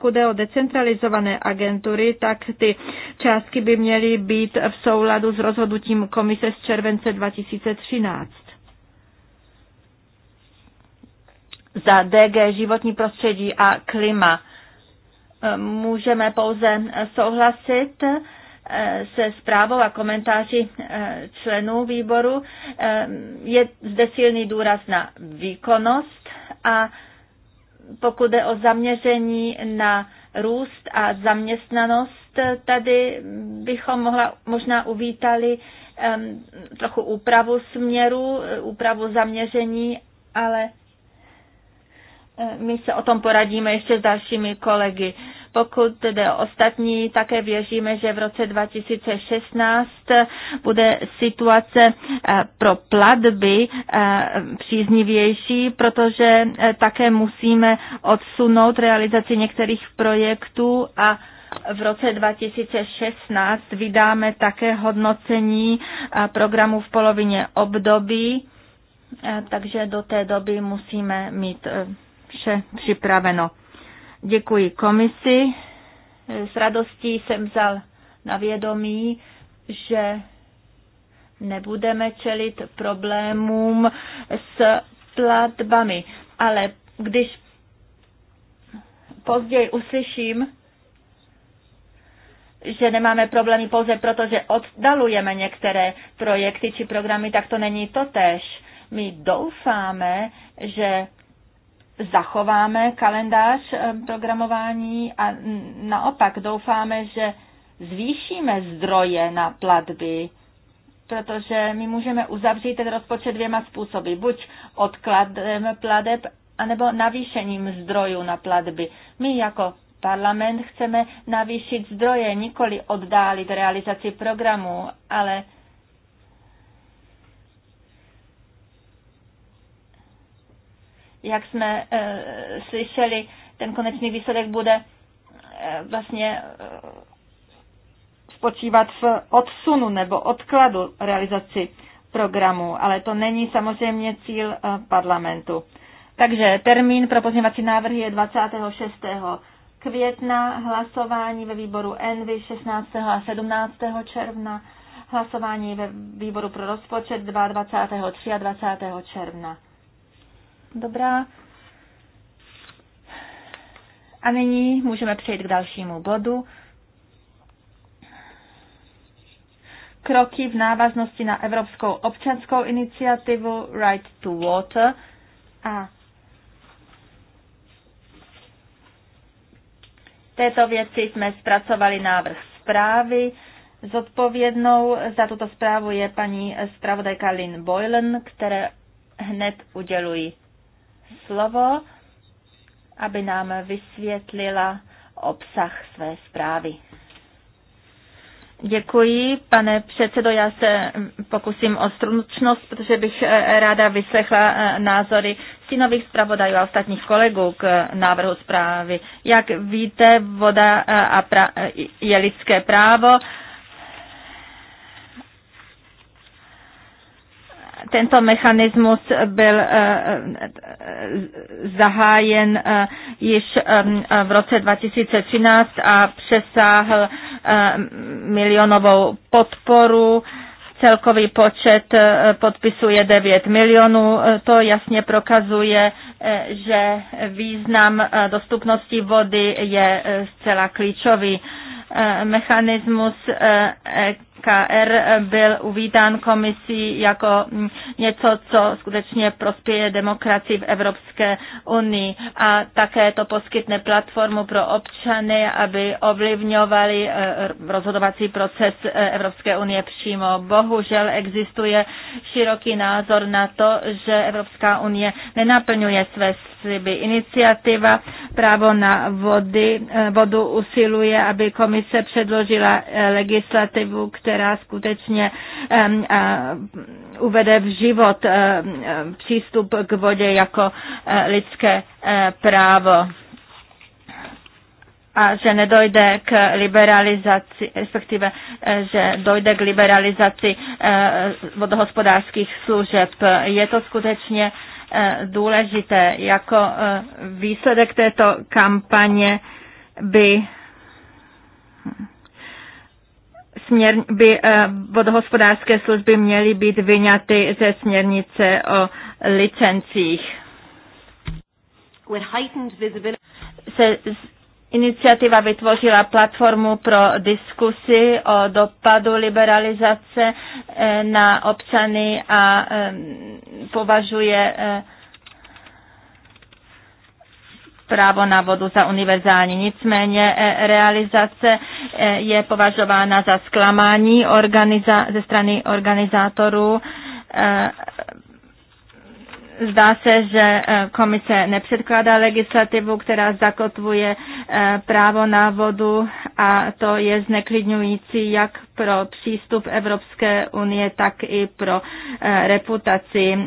pokud jde o decentralizované agentury, tak ty částky by měly být v souladu s rozhodnutím komise z července 2013. Za DG životní prostředí a klima můžeme pouze souhlasit eh, se zprávou a komentáři eh, členů výboru. Eh, Je zde silný důraz na výkonnost a pokud jde o zaměření na růst a zaměstnanost, tady bychom mohla, možná uvítali um, trochu úpravu směru, úpravu zaměření, ale my se o tom poradíme ještě s dalšími kolegy. Pokud jde o ostatní, také věříme, že v roce 2016 bude situace eh, pro platby eh, příznivější, protože eh, také musíme odsunout realizaci některých projektů a v roce 2016 vydáme také hodnocení programu v polovině období, takže do té doby musíme mít vše připraveno. Děkuji komisi. S radostí jsem vzal na vědomí, že nebudeme čelit problémům s platbami. Ale když později uslyším, že nemáme problémy pouze proto, že oddalujeme některé projekty či programy, tak to není totéž. My doufáme, že zachováme kalendář eh, programování a naopak doufáme, že zvýšíme zdroje na platby, protože my můžeme uzavřít ten rozpočet dvěma způsoby. Buď odkladem plateb, anebo navýšením zdrojů na platby. My jako parlament chceme navýšit zdroje, nikoli oddálit realizaci programu, ale Jak jsme e, slyšeli, ten konečný výsledek bude e, vlastně e, spočívat v odsunu nebo odkladu realizaci programu, ale to není samozřejmě cíl parlamentu. Takže termín pro pozměňovací návrhy je 26. května, hlasování ve výboru ENVY 16. a 17. června, hlasování ve výboru pro rozpočet 22. 23. června. Dobrá. A nyní můžeme přejít k dalšímu bodu. Kroky v návaznosti na Evropskou občanskou iniciativu Right to Water a této věci jsme zpracovali návrh zprávy. Zodpovědnou za tuto zprávu je paní zpravodajka Lynn Boylan, které hned uděluji slovo, aby nám vysvětlila obsah své zprávy. Děkuji, pane předsedo. Já se pokusím o stručnost, protože bych eh, ráda vyslechla eh, názory stínových zpravodajů a ostatních kolegů k eh, návrhu zprávy. Jak víte, voda a pra- je lidské právo tento mechanismus byl eh, eh, zahájen eh, již v roce 2013 a přesáhl milionovou podporu. Celkový počet podpisů je 9 milionů. To jasně prokazuje, že význam dostupnosti vody je zcela klíčový mechanismus KR byl uvítán komisí jako něco, co skutečně prospěje demokracii v Evropské unii a také to poskytne platformu pro občany, aby ovlivňovali eh, rozhodovací proces eh, Evropské unie přímo. Bohužel existuje široký názor na to, že Evropská unie nenaplňuje své sliby. Iniciativa právo na vody, eh, vodu usiluje, aby komise předložila eh, legislativu, která skutečně uvede v život eh, přístup k vodě jako lidské právo a že nedojde k liberalizaci, respektive, že dojde k liberalizaci vodohospodářských služeb. Je to skutečně Eh, důležité. Jako eh, výsledek této kampaně by směr, by eh, vodohospodářské služby měly být vyňaty ze směrnice o licencích. Se Iniciativa vytvořila platformu pro diskusy o dopadu liberalizace eh, na občany a eh, považuje eh, právo na vodu za univerzální. Nicméně realizace je považována za zklamání organiza- ze strany organizátorů Zdá se, že eh, komise nepředkládá legislativu, která zakotvuje eh, právo na vodu a to je zneklidňující jak pro přístup Evropské unie, tak i pro eh, reputaci,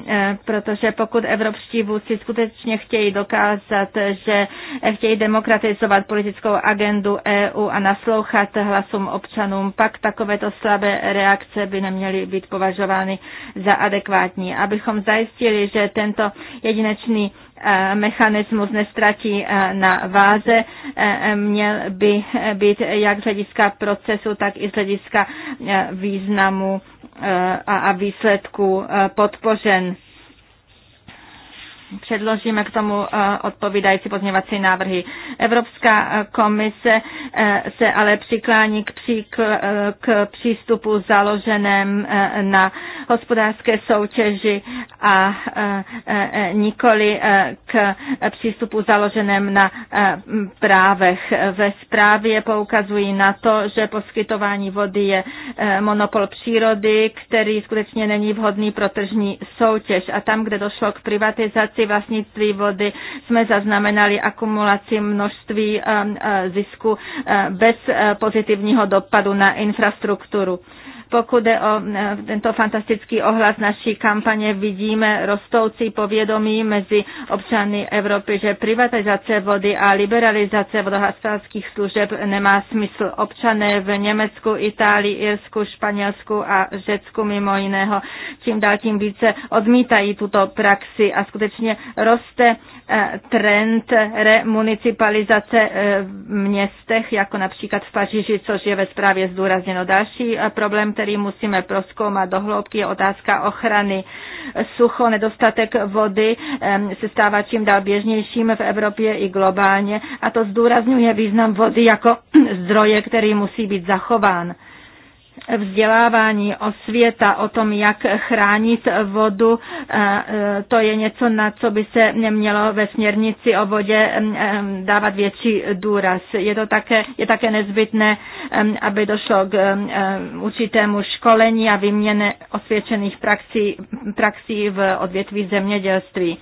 protože pokud evropští vůdci skutečně chtějí dokázat, že chtějí demokratizovat politickou agendu EU a naslouchat hlasům občanům, pak takovéto slabé reakce by neměly být považovány za adekvátní. Abychom zajistili, že tento jedinečný eh, mechanismus nestratí eh, na váze, eh, měl by být jak z hlediska procesu, tak i z hlediska významu a výsledku podpořen. Předložíme k tomu odpovídající pozměvací návrhy. Evropská komise se ale přiklání k, k přístupu založeném na hospodářské soutěži a e, e, e, nikoli k přístupu založeném na právech. Ve zprávě poukazují na to, že poskytování vody je monopol přírody, který skutečně není vhodný pro tržní soutěž. A tam, kde došlo k privatizaci vlastnictví vody, jsme zaznamenali akumulaci množství zisku bez pozitivního dopadu na infrastrukturu. Pokud jde o e, tento fantastický ohlas naší kampaně, vidíme rostoucí povědomí mezi občany Evropy, že privatizace vody a liberalizace vodohospodářských služeb nemá smysl. Občané v Německu, Itálii, Irsku, Španělsku a Řecku mimo jiného čím dál tím více odmítají tuto praxi a skutečně roste E, trend remunicipalizace e, v městech, jako například v Paříži, což je ve zprávě zdůrazněno. Další e, problém, který musíme proskoumat dohloubky, je otázka ochrany sucho, nedostatek vody se stává čím dál běžnějším v Evropě i globálně a to zdůrazňuje význam vody jako zdroje, který musí být zachován vzdělávání, osvěta o tom, jak chránit vodu, eh, eh, to je něco, na co by se mělo ve směrnici o vodě mm, eh, dávat větší důraz. Je to také, je také nezbytné, mm, aby došlo k mm, určitému školení a výměně osvědčených praxí, praxí v odvětví zemědělství.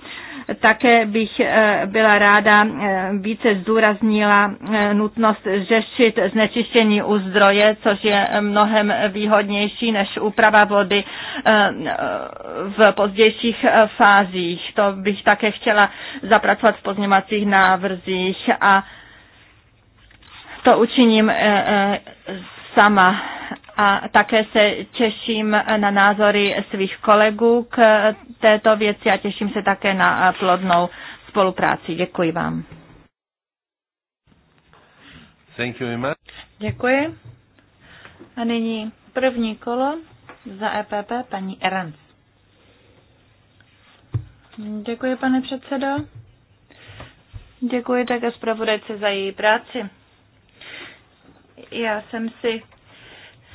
Také bych eh, byla ráda eh, více zdůraznila eh, nutnost řešit znečištění u zdroje, což je mnohem výhodnější než úprava vody v pozdějších fázích. To bych také chtěla zapracovat v pozněmacích návrzích a to učiním sama a také se těším na názory svých kolegů k této věci a těším se také na plodnou spolupráci. Děkuji vám. Thank you very much. Děkuji. A nyní první kolo za EPP paní Erans. Děkuji, pane předsedo. Děkuji také zpravodajce za její práci. Já jsem si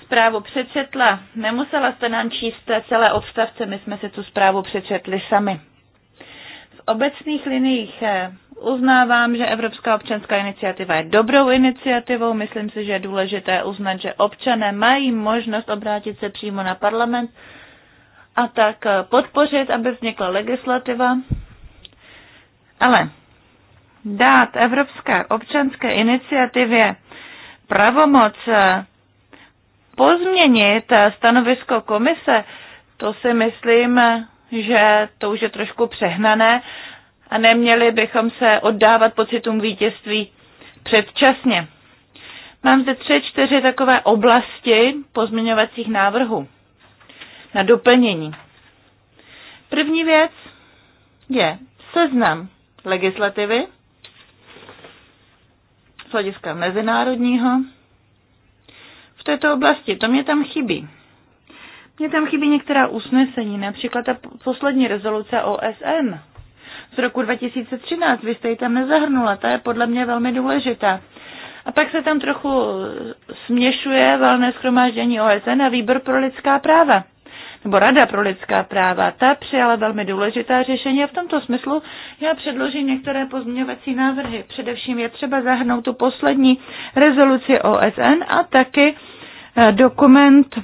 zprávu přečetla. Nemusela jste nám číst celé odstavce, my jsme si tu zprávu přečetli sami. V obecných liniích eh, uznávám, že Evropská občanská iniciativa je dobrou iniciativou. Myslím si, že je důležité uznat, že občané mají možnost obrátit se přímo na parlament a tak eh, podpořit, aby vznikla legislativa. Ale dát Evropské občanské iniciativě pravomoc eh, pozměnit stanovisko komise, to si myslím, že to už je trošku přehnané a neměli bychom se oddávat pocitům vítězství předčasně. Mám zde tři, čtyři takové oblasti pozměňovacích návrhů na doplnění. První věc je seznam legislativy z hlediska mezinárodního této oblasti. To mě tam chybí. Mně tam chybí některá usnesení, například ta poslední rezoluce OSN z roku 2013. Vy jste ji tam nezahrnula, ta je podle mě velmi důležitá. A pak se tam trochu směšuje valné schromáždění OSN a výbor pro lidská práva nebo Rada pro lidská práva, ta přijala velmi důležitá řešení a v tomto smyslu já předložím některé pozměňovací návrhy. Především je třeba zahrnout tu poslední rezoluci OSN a taky dokument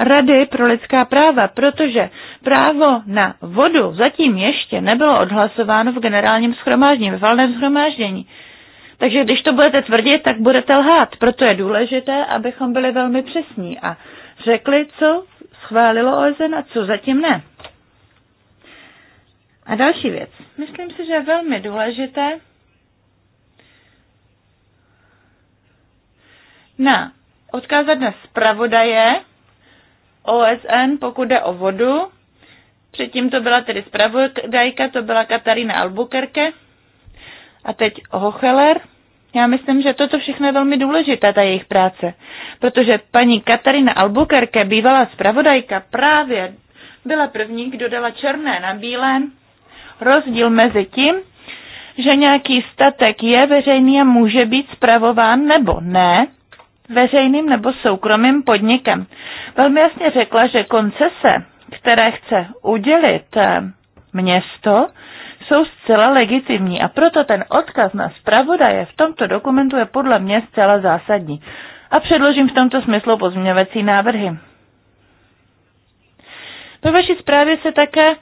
Rady pro lidská práva, protože právo na vodu zatím ještě nebylo odhlasováno v generálním schromáždění, v valném schromáždění. Takže když to budete tvrdit, tak budete lhát. Proto je důležité, abychom byli velmi přesní a řekli, co schválilo OSN a co zatím ne. A další věc. Myslím si, že je velmi důležité na odkázat na zpravodaje OSN, pokud jde o vodu. Předtím to byla tedy zpravodajka, to byla Katarína Albuquerque a teď Hocheler. Já myslím, že toto všechno je velmi důležité, ta jejich práce, protože paní Katarina Albuquerque, bývalá zpravodajka, právě byla první, kdo dala černé na bílé rozdíl mezi tím, že nějaký statek je veřejný a může být zpravován nebo ne, veřejným nebo soukromým podnikem. Velmi jasně řekla, že koncese, které chce udělit eh, město, jsou zcela legitimní a proto ten odkaz na zpravodaje v tomto dokumentu je podle mě zcela zásadní. A předložím v tomto smyslu pozměňovací návrhy. Ve vaší zprávě se také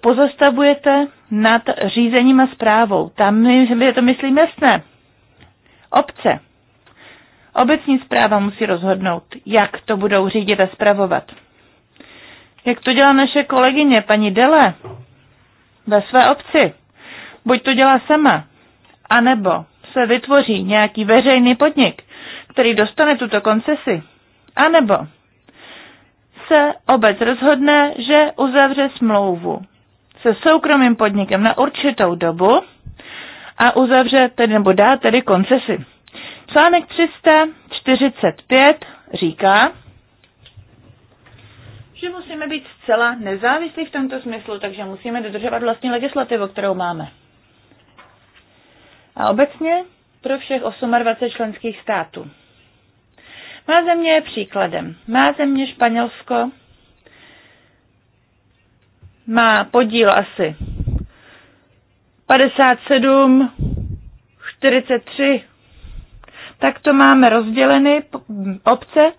pozastavujete nad řízením a zprávou. Tam je to, myslím, jasné. Obce Obecní zpráva musí rozhodnout, jak to budou řídit a spravovat. Jak to dělá naše kolegyně, paní Dele, ve své obci. Buď to dělá sama, anebo se vytvoří nějaký veřejný podnik, který dostane tuto koncesi, anebo se obec rozhodne, že uzavře smlouvu se soukromým podnikem na určitou dobu a uzavře tedy nebo dá tedy koncesi. Článek 345 říká, že musíme být zcela nezávislí v tomto smyslu, takže musíme dodržovat vlastní legislativu, kterou máme. A obecně pro všech 28 členských států. Má země je příkladem. Má země Španělsko má podíl asi 57, 43 tak to máme rozděleny obce,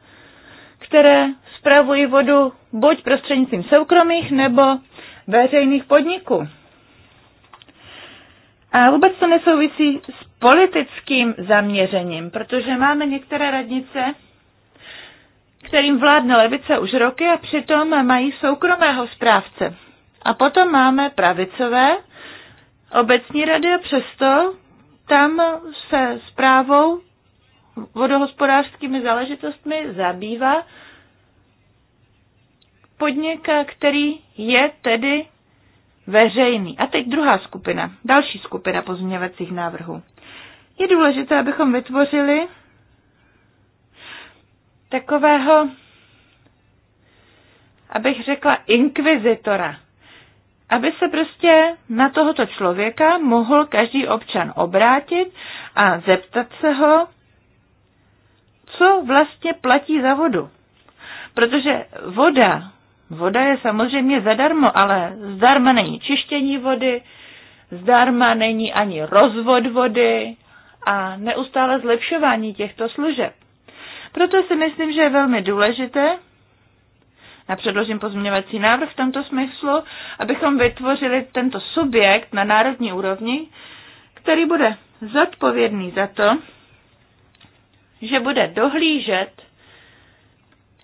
které spravují vodu buď prostřednictvím soukromých nebo veřejných podniků. A vůbec to nesouvisí s politickým zaměřením, protože máme některé radnice, kterým vládne levice už roky a přitom mají soukromého správce. A potom máme pravicové obecní rady a přesto tam se zprávou vodohospodářskými záležitostmi zabývá podnik, který je tedy veřejný. A teď druhá skupina, další skupina pozměňovacích návrhů. Je důležité, abychom vytvořili takového, abych řekla, inkvizitora. Aby se prostě na tohoto člověka mohl každý občan obrátit a zeptat se ho, co vlastně platí za vodu. Protože voda, voda je samozřejmě zadarmo, ale zdarma není čištění vody, zdarma není ani rozvod vody a neustále zlepšování těchto služeb. Proto si myslím, že je velmi důležité, a předložím pozměňovací návrh v tomto smyslu, abychom vytvořili tento subjekt na národní úrovni, který bude zodpovědný za to, že bude dohlížet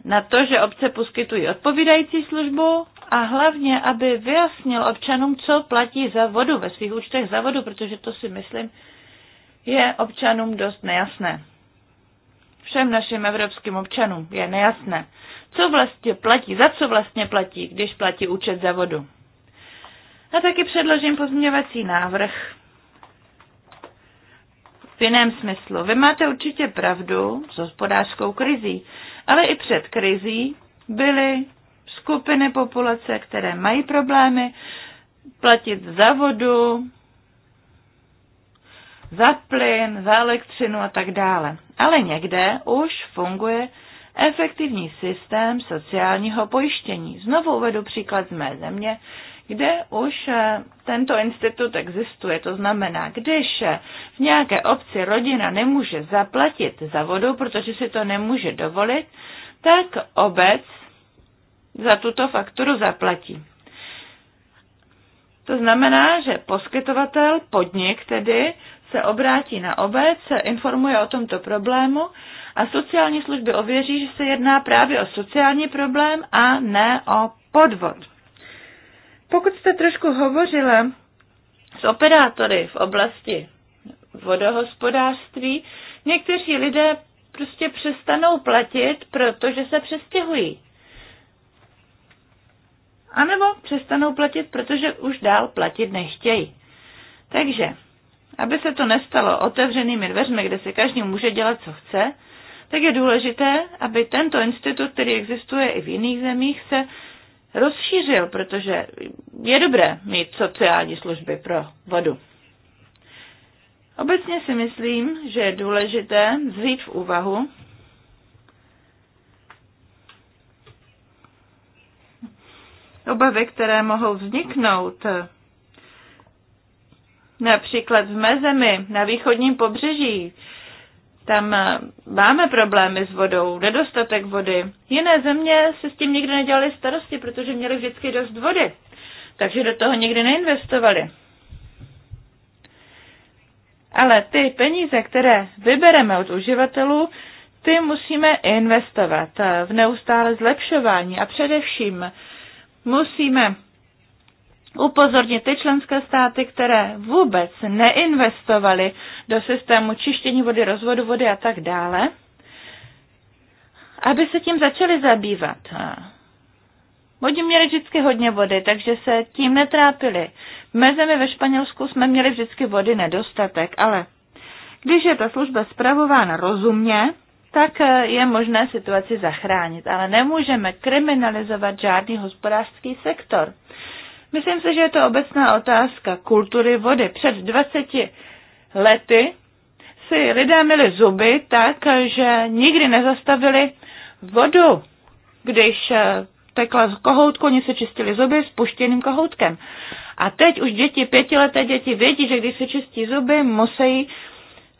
na to, že obce poskytují odpovídající službu a hlavně, aby vyjasnil občanům, co platí za vodu ve svých účtech za vodu, protože to si myslím, je občanům dost nejasné. Všem našim evropským občanům je nejasné, co vlastně platí, za co vlastně platí, když platí účet za vodu. A taky předložím pozměňovací návrh, v jiném smyslu. Vy máte určitě pravdu s hospodářskou krizí, ale i před krizí byly skupiny populace, které mají problémy platit za vodu, za plyn, za elektřinu a tak dále. Ale někde už funguje efektivní systém sociálního pojištění. Znovu uvedu příklad z mé země, kde už eh, tento institut existuje. To znamená, když eh, v nějaké obci rodina nemůže zaplatit za vodu, protože si to nemůže dovolit, tak obec za tuto fakturu zaplatí. To znamená, že poskytovatel, podnik tedy, se obrátí na obec, informuje o tomto problému a sociální služby ověří, že se jedná právě o sociální problém a ne o podvod. Pokud jste trošku hovořila s operátory v oblasti vodohospodářství, někteří lidé prostě přestanou platit, protože se přestěhují. A nebo přestanou platit, protože už dál platit nechtějí. Takže, aby se to nestalo otevřenými dveřmi, kde se každý může dělat, co chce, tak je důležité, aby tento institut, který existuje i v jiných zemích, se rozšířil, protože je dobré mít sociální služby pro vodu. Obecně si myslím, že je důležité vzít v úvahu, obavy, které mohou vzniknout. Například v mezemi na východním pobřeží, tam eh, máme problémy s vodou, nedostatek vody. Jiné země se s tím nikdy nedělali starosti, protože měli vždycky dost vody, takže do toho nikdy neinvestovali. Ale ty peníze, které vybereme od uživatelů, ty musíme investovat eh, v neustále zlepšování a především musíme upozornit ty členské státy, které vůbec neinvestovaly do systému čištění vody, rozvodu vody a tak dále, aby se tím začaly zabývat. Oni měli vždycky hodně vody, takže se tím netrápili. V mezemi ve Španělsku jsme měli vždycky vody nedostatek, ale když je ta služba zpravována rozumně, tak eh, je možné situaci zachránit, ale nemůžeme kriminalizovat žádný hospodářský sektor. Myslím si, že je to obecná otázka kultury vody. Před 20 lety si lidé měli zuby tak, že nikdy nezastavili vodu, když eh, tekla z kohoutku, oni se čistili zuby s puštěným kohoutkem. A teď už děti, pětileté děti vědí, že když se čistí zuby, musí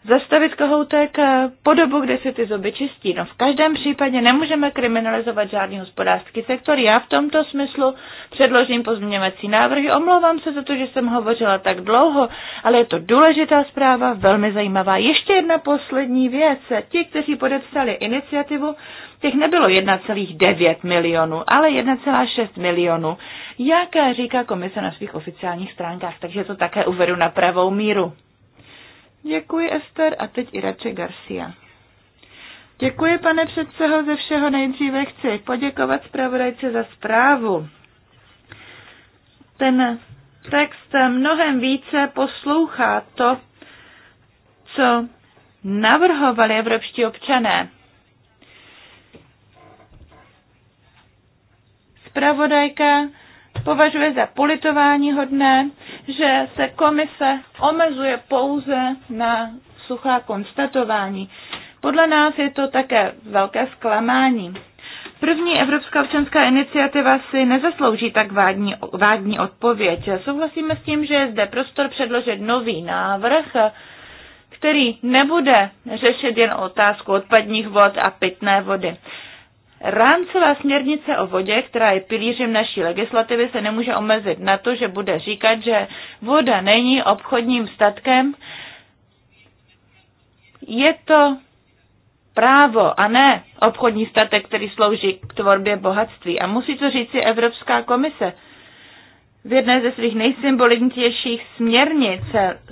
zastavit kohoutek eh, po dobu, kde se ty zuby čistí. No v každém případě nemůžeme kriminalizovat žádný hospodářský sektor. Já v tomto smyslu předložím pozměňovací návrhy. Omlouvám se za to, že jsem hovořila tak dlouho, ale je to důležitá zpráva, velmi zajímavá. Ještě jedna poslední věc. Ti, kteří podepsali iniciativu, těch nebylo 1,9 milionů, ale 1,6 milionů, jak říká komise na svých oficiálních stránkách, takže to také uvedu na pravou míru. Děkuji, Ester, a teď i Irače Garcia. Děkuji, pane předseho, ze všeho nejdříve chci poděkovat zpravodajce za zprávu. Ten text mnohem více poslouchá to, co navrhovali evropští občané. Zpravodajka považuje za politování hodné, že se komise omezuje pouze na suchá konstatování. Podle nás je to také velké zklamání. První Evropská občanská iniciativa si nezaslouží tak vádní, vádní odpověď. Souhlasíme s tím, že je zde prostor předložit nový návrh, který nebude řešit jen otázku odpadních vod a pitné vody. Rámcová směrnice o vodě, která je pilířem naší legislativy, se nemůže omezit na to, že bude říkat, že voda není obchodním statkem. Je to právo a ne obchodní statek, který slouží k tvorbě bohatství. A musí to říct i Evropská komise v jedné ze svých nejsymboličtějších směrnic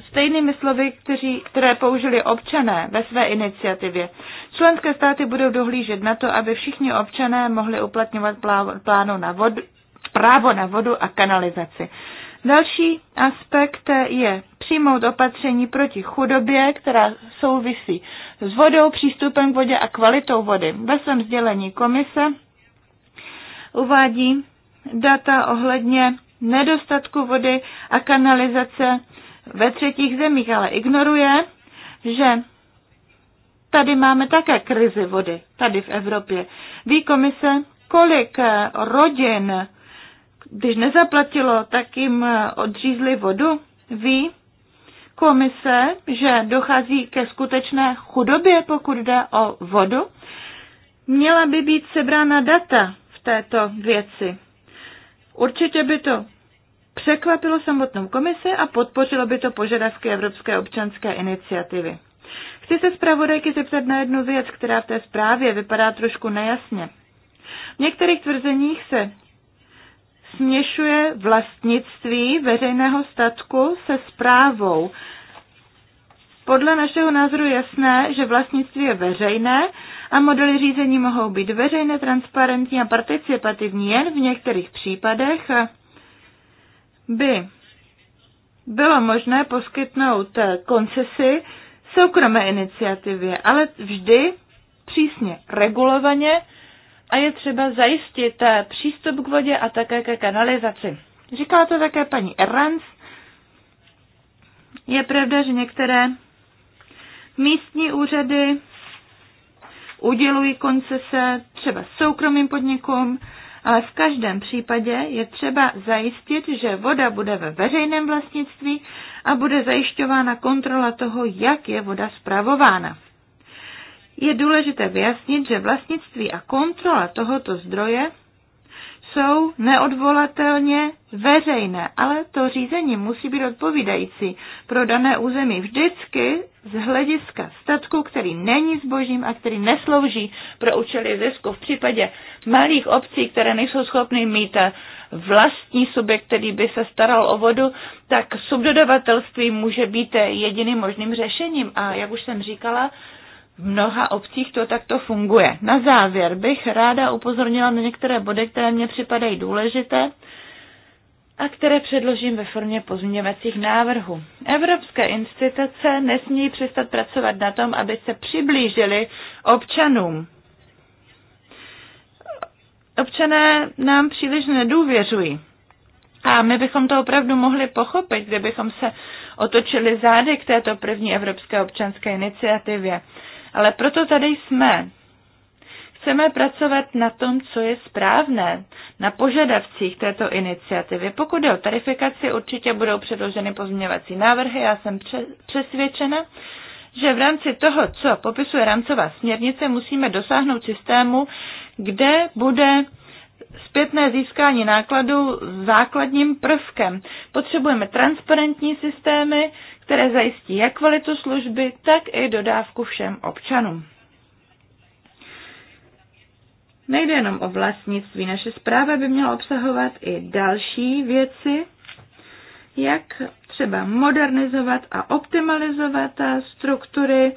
stejnými slovy, kteří, které použili občané ve své iniciativě. Členské státy budou dohlížet na to, aby všichni občané mohli uplatňovat plánu na vodu, právo na vodu a kanalizaci. Další aspekt je přijmout opatření proti chudobě, která souvisí s vodou, přístupem k vodě a kvalitou vody. Ve svém sdělení komise uvádí data ohledně nedostatku vody a kanalizace ve třetích zemích, ale ignoruje, že tady máme také krizi vody, tady v Evropě. Ví komise, kolik rodin, když nezaplatilo, tak jim odřízli vodu? Ví komise, že dochází ke skutečné chudobě, pokud jde o vodu? Měla by být sebrána data v této věci. Určitě by to překvapilo samotnou komisi a podpořilo by to požadavky Evropské občanské iniciativy. Chci se zpravodajky zeptat na jednu věc, která v té zprávě vypadá trošku nejasně. V některých tvrzeních se směšuje vlastnictví veřejného statku se zprávou. Podle našeho názoru jasné, že vlastnictví je veřejné a modely řízení mohou být veřejné, transparentní a participativní jen v některých případech by bylo možné poskytnout koncesi soukromé iniciativě, ale vždy přísně regulovaně a je třeba zajistit přístup k vodě a také ke kanalizaci. Říkala to také paní Erans. Je pravda, že některé místní úřady udělují koncese třeba soukromým podnikům, ale v každém případě je třeba zajistit, že voda bude ve veřejném vlastnictví a bude zajišťována kontrola toho, jak je voda zpravována. Je důležité vyjasnit, že vlastnictví a kontrola tohoto zdroje jsou neodvolatelně veřejné, ale to řízení musí být odpovídající pro dané území vždycky z hlediska statku, který není zbožím a který neslouží pro účely zisku. V případě malých obcí, které nejsou schopny mít eh, vlastní subjekt, který by se staral o vodu, tak subdodavatelství může být eh, jediným možným řešením. A jak už jsem říkala, v mnoha obcích to takto funguje. Na závěr bych ráda upozornila na některé body, které mně připadají důležité a které předložím ve formě pozměňovacích návrhů. Evropské instituce nesmí přestat pracovat na tom, aby se přiblížili občanům. Občané nám příliš nedůvěřují. A my bychom to opravdu mohli pochopit, kdybychom se otočili zády k této první evropské občanské iniciativě. Ale proto tady jsme. Chceme pracovat na tom, co je správné, na požadavcích této iniciativy. Pokud je o tarifikaci, určitě budou předloženy pozměňovací návrhy. Já jsem přesvědčena, že v rámci toho, co popisuje rámcová směrnice, musíme dosáhnout systému, kde bude zpětné získání nákladů základním prvkem. Potřebujeme transparentní systémy, které zajistí jak kvalitu služby, tak i dodávku všem občanům. Nejde jenom o vlastnictví. Naše zpráva by měla obsahovat i další věci, jak třeba modernizovat a optimalizovat struktury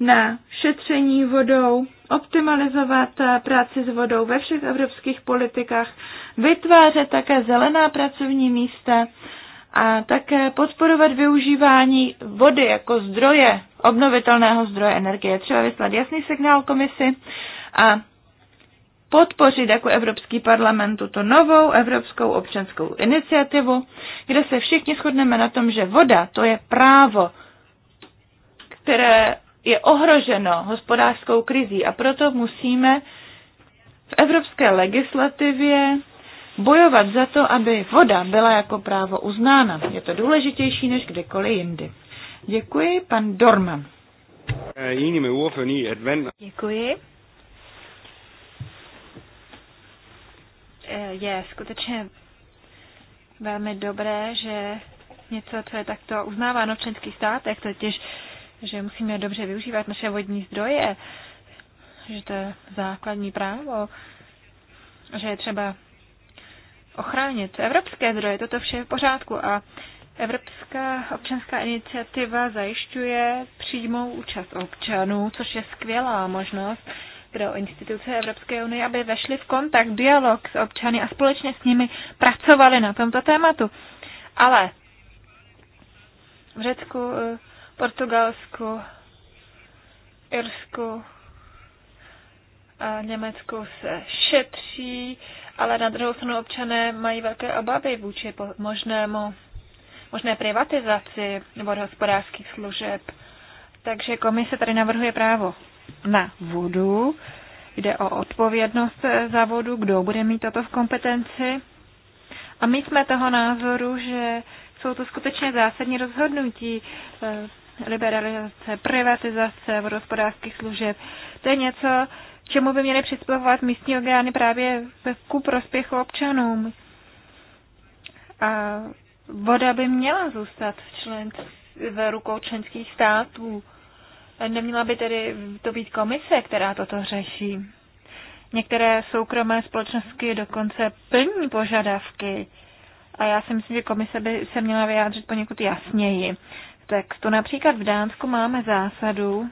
na šetření vodou, optimalizovat práci s vodou ve všech evropských politikách, vytvářet také zelená pracovní místa a také podporovat využívání vody jako zdroje, obnovitelného zdroje energie. Třeba vyslat jasný signál komisi a podpořit jako Evropský parlament tuto novou evropskou občanskou iniciativu, kde se všichni shodneme na tom, že voda to je právo, které je ohroženo hospodářskou krizí a proto musíme v evropské legislativě bojovat za to, aby voda byla jako právo uznána. Je to důležitější než kdekoliv jindy. Děkuji, pan Dorman. Děkuji. Eh, je skutečně velmi dobré, že něco, co je takto uznáváno v členských státech, totiž, že musíme dobře využívat naše vodní zdroje, že to je základní právo, že je třeba ochránit evropské zdroje. Toto vše je v pořádku a Evropská občanská iniciativa zajišťuje přímou účast občanů, což je skvělá možnost pro instituce Evropské unie, aby vešly v kontakt, dialog s občany a společně s nimi pracovali na tomto tématu. Ale v Řecku, eh, Portugalsku, Irsku a Německu se šetří, ale na druhou stranu občané mají velké obavy vůči možnému, možné privatizaci nebo hospodářských služeb. Takže komise tady navrhuje právo na vodu, jde o odpovědnost za vodu, kdo bude mít toto v kompetenci. A my jsme toho názoru, že jsou to skutečně zásadní rozhodnutí eh, liberalizace, privatizace vodohospodářských služeb. To je něco, čemu by měly přispěvovat místní orgány právě ku prospěchu občanům. A voda by měla zůstat v, člen, v rukou členských států. Neměla by tedy to být komise, která toto řeší. Některé soukromé společnosti dokonce plní požadavky a já si myslím, že komise by se měla vyjádřit poněkud jasněji. Tak, to například v Dánsku máme zásadu,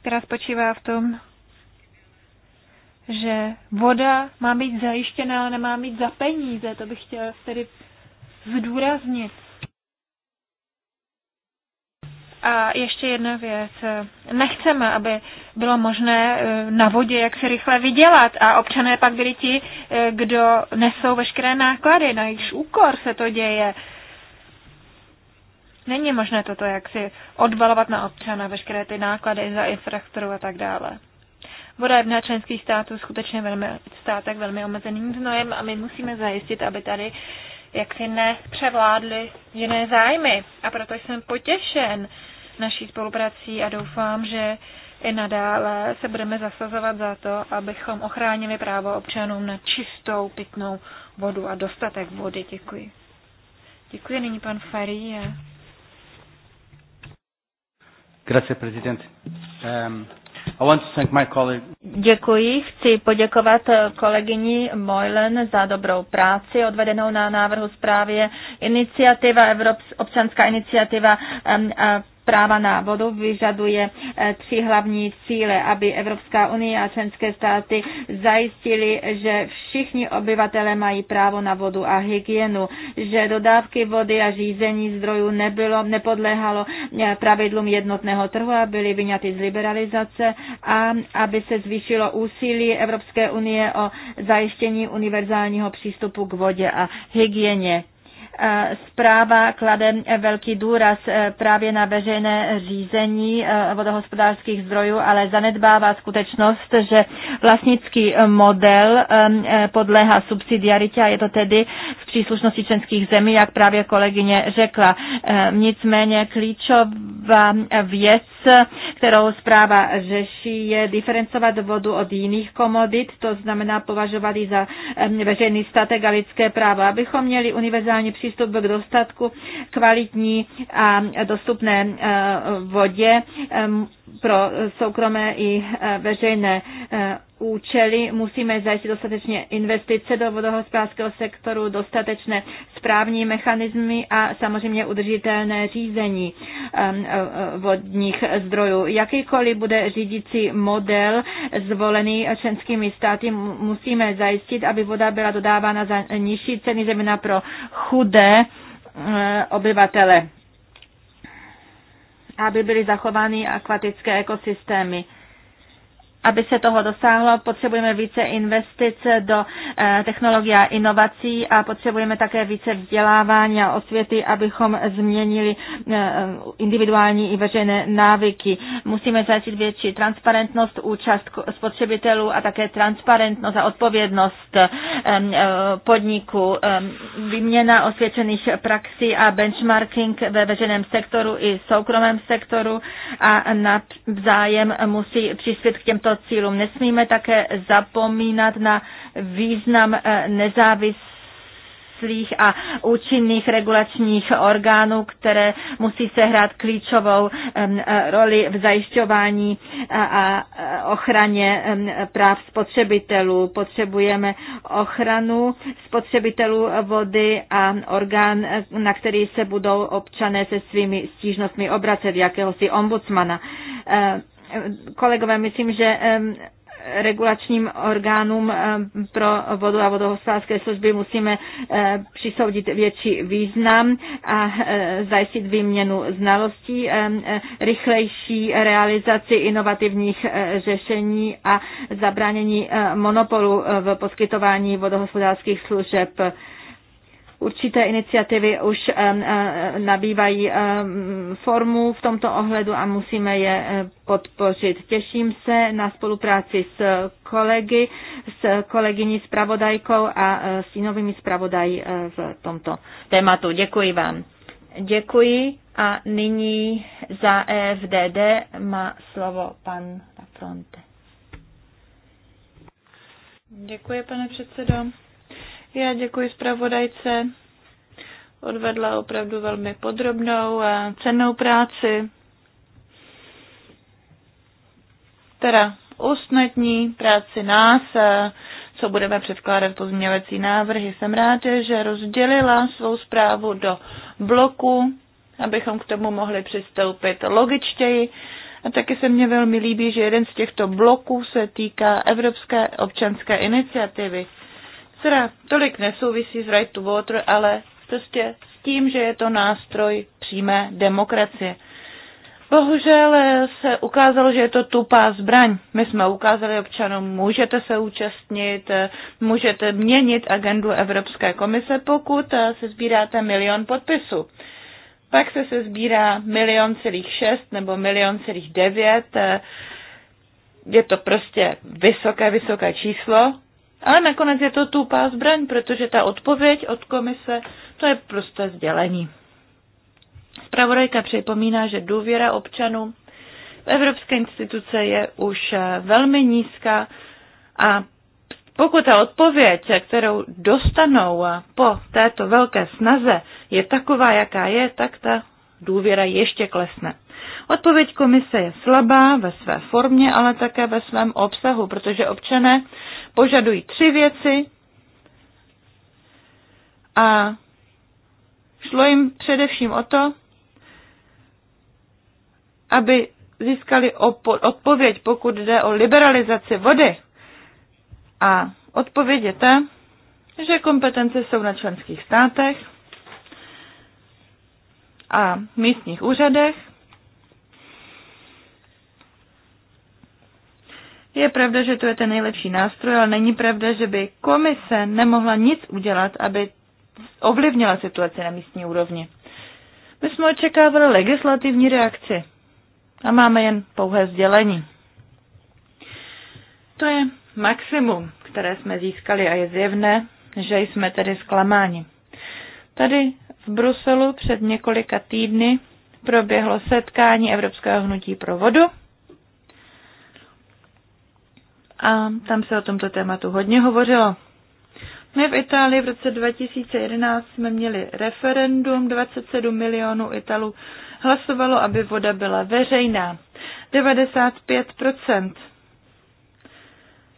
která spočívá v tom, že voda má být zajištěná, ale nemá být za peníze. To bych chtěla tedy zdůraznit. A ještě jedna věc. Nechceme, aby bylo možné eh, na vodě jak se rychle vydělat a občané pak byli ti, eh, kdo nesou veškeré náklady, na jejichž úkor se to děje. Není možné toto jaksi odbalovat na občana, veškeré ty náklady za infrastrukturu a tak dále. Voda je na členských států skutečně velmi, státek velmi omezeným znojem a my musíme zajistit, aby tady jaksi nepřevládly jiné zájmy. A proto jsem potěšen naší spoluprací a doufám, že i nadále se budeme zasazovat za to, abychom ochránili právo občanům na čistou pitnou vodu a dostatek vody. Děkuji. Děkuji nyní pan Faria. Um, Děkuji. Chci poděkovat eh, kolegyni Moylen za dobrou práci odvedenou na návrhu zprávě. Iniciativa Evrops, občanská iniciativa um, uh, práva na vodu vyžaduje eh, tři hlavní cíle, aby Evropská unie a členské státy zajistili, že všichni obyvatele mají právo na vodu a hygienu, že dodávky vody a řízení zdrojů nebylo, nepodléhalo eh, pravidlům jednotného trhu a byly vyňaty z liberalizace a aby se zvýšilo úsilí Evropské unie o zajištění univerzálního přístupu k vodě a hygieně. Zpráva klade velký důraz e, právě na veřejné řízení e, vodohospodářských zdrojů, ale zanedbává skutečnost, že vlastnický model e, podléhá subsidiaritě a je to tedy v příslušnosti členských zemí, jak právě kolegyně řekla. Nicméně klíčová věc, kterou zpráva řeší, je diferencovat vodu od jiných komodit, to znamená považovat ji za veřejný statek a lidské právo. Abychom měli univerzální přístup přístup k dostatku kvalitní a dostupné eh, vodě ehm, pro soukromé i e, veřejné e, účely. Musíme zajistit dostatečně investice do vodohospodářského sektoru, dostatečné správní mechanismy a samozřejmě udržitelné řízení e, vodních zdrojů. Jakýkoliv bude řídící model zvolený členskými státy, musíme zajistit, aby voda byla dodávána za nižší ceny, zejména pro chudé obyvatele aby byly zachovány akvatické ekosystémy aby se toho dosáhlo, potřebujeme více investic do eh, technologií a inovací a potřebujeme také více vzdělávání a osvěty, abychom změnili eh, individuální i veřejné návyky. Musíme zajistit větší transparentnost, účast spotřebitelů a také transparentnost a odpovědnost eh, podniku, výměna osvědčených praxí a benchmarking ve veřejném sektoru i soukromém sektoru a navzájem musí přispět k těmto cílům. Nesmíme také zapomínat na význam eh, nezávislých a účinných regulačních orgánů, které musí sehrát klíčovou eh, roli v zajišťování a eh, ochraně práv spotřebitelů. Potřebujeme ochranu spotřebitelů vody a orgán, na který se budou občané se svými stížnostmi obracet, jakéhosi ombudsmana Kolegové, myslím, že regulačním orgánům pro vodu a vodohospodářské služby musíme eh, přisoudit větší význam a eh, zajistit výměnu znalostí, eh, rychlejší realizaci inovativních řešení a zabránění monopolu v poskytování vodohospodářských služeb Určité iniciativy už eh, eh, nabývají eh, formu v tomto ohledu a musíme je podpořit. Těším se na spolupráci s kolegy, s kolegyní zpravodajkou a s jinovými zpravodají v tomto tématu. Děkuji vám. Děkuji a nyní za EFDD má slovo pan Fronte. Děkuji, pane předsedo. Já děkuji zpravodajce. Odvedla opravdu velmi podrobnou a cennou práci, Teda usnadní práci nás, co budeme předkládat pozměňovací návrhy. Jsem rád, že rozdělila svou zprávu do bloku, abychom k tomu mohli přistoupit logičtěji. A taky se mně velmi líbí, že jeden z těchto bloků se týká Evropské občanské iniciativy která tolik nesouvisí s Right to Water, ale prostě s tím, že je to nástroj přímé demokracie. Bohužel eh, se ukázalo, že je to tupá zbraň. My jsme ukázali občanům, můžete se účastnit, eh, můžete měnit agendu Evropské komise, pokud eh, se sbíráte milion podpisů. Pak se se sbírá milion celých šest nebo milion celých devět. Je to prostě vysoké, vysoké číslo, ale nakonec je to tupá zbraň, protože ta odpověď od komise, to je prostě sdělení. Spravodajka připomíná, že důvěra občanů v evropské instituce je už eh, velmi nízká a pokud ta odpověď, kterou dostanou eh, po této velké snaze, je taková, jaká je, tak ta důvěra ještě klesne. Odpověď komise je slabá ve své formě, ale také ve svém obsahu, protože občané požadují tři věci a šlo jim především o to, aby získali odpověď, pokud jde o liberalizaci vody. A odpověď je ta, že kompetence jsou na členských státech a místních úřadech Je pravda, že to je ten nejlepší nástroj, ale není pravda, že by komise nemohla nic udělat, aby ovlivnila situaci na místní úrovni. My jsme očekávali legislativní reakci a máme jen pouhé sdělení. To je maximum, které jsme získali a je zjevné, že jsme tedy zklamáni. Tady v Bruselu před několika týdny proběhlo setkání Evropského hnutí pro vodu a tam se o tomto tématu hodně hovořilo. My v Itálii v roce 2011 jsme měli referendum, 27 milionů Italů hlasovalo, aby voda byla veřejná. 95%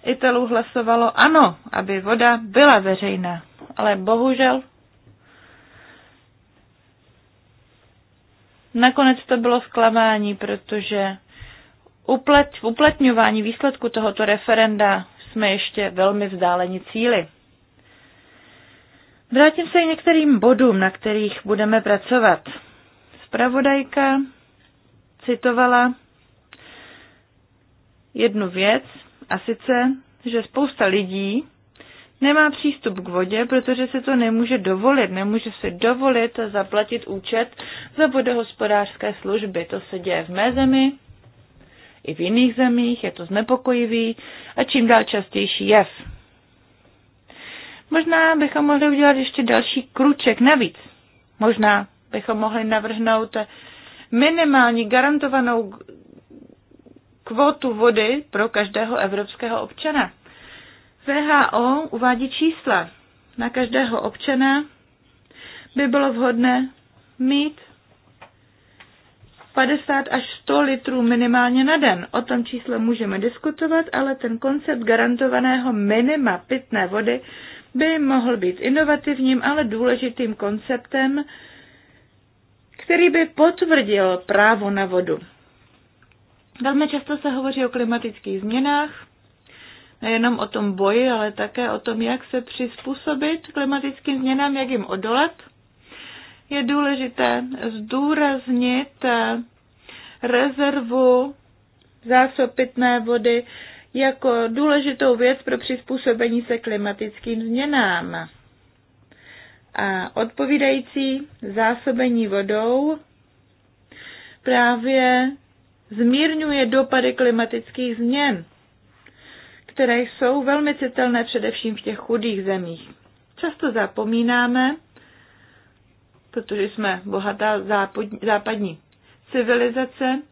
Italů hlasovalo ano, aby voda byla veřejná. Ale bohužel nakonec to bylo zklamání, protože uplet, v uplatňování výsledku tohoto referenda jsme ještě velmi vzdáleni cíli. Vrátím se i některým bodům, na kterých budeme pracovat. Spravodajka citovala jednu věc, a sice, že spousta lidí nemá přístup k vodě, protože se to nemůže dovolit. Nemůže si dovolit zaplatit účet za vodohospodářské služby. To se děje v mé zemi, i v jiných zemích, je to znepokojivý a čím dál častější jev. Možná bychom mohli udělat ještě další kruček navíc. Možná bychom mohli navrhnout minimální garantovanou kvotu vody pro každého evropského občana. VHO uvádí čísla. Na každého občana by bylo vhodné mít 50 až 100 litrů minimálně na den. O tom čísle můžeme diskutovat, ale ten koncept garantovaného minima pitné vody by mohl být inovativním, ale důležitým konceptem, který by potvrdil právo na vodu. Velmi často se hovoří o klimatických změnách, nejenom o tom boji, ale také o tom, jak se přizpůsobit klimatickým změnám, jak jim odolat je důležité zdůraznit eh, rezervu zásob pitné vody jako důležitou věc pro přizpůsobení se klimatickým změnám. A odpovídající zásobení vodou právě zmírňuje dopady klimatických změn, které jsou velmi citelné především v těch chudých zemích. Často zapomínáme, protože jsme bohatá západní, západní civilizace,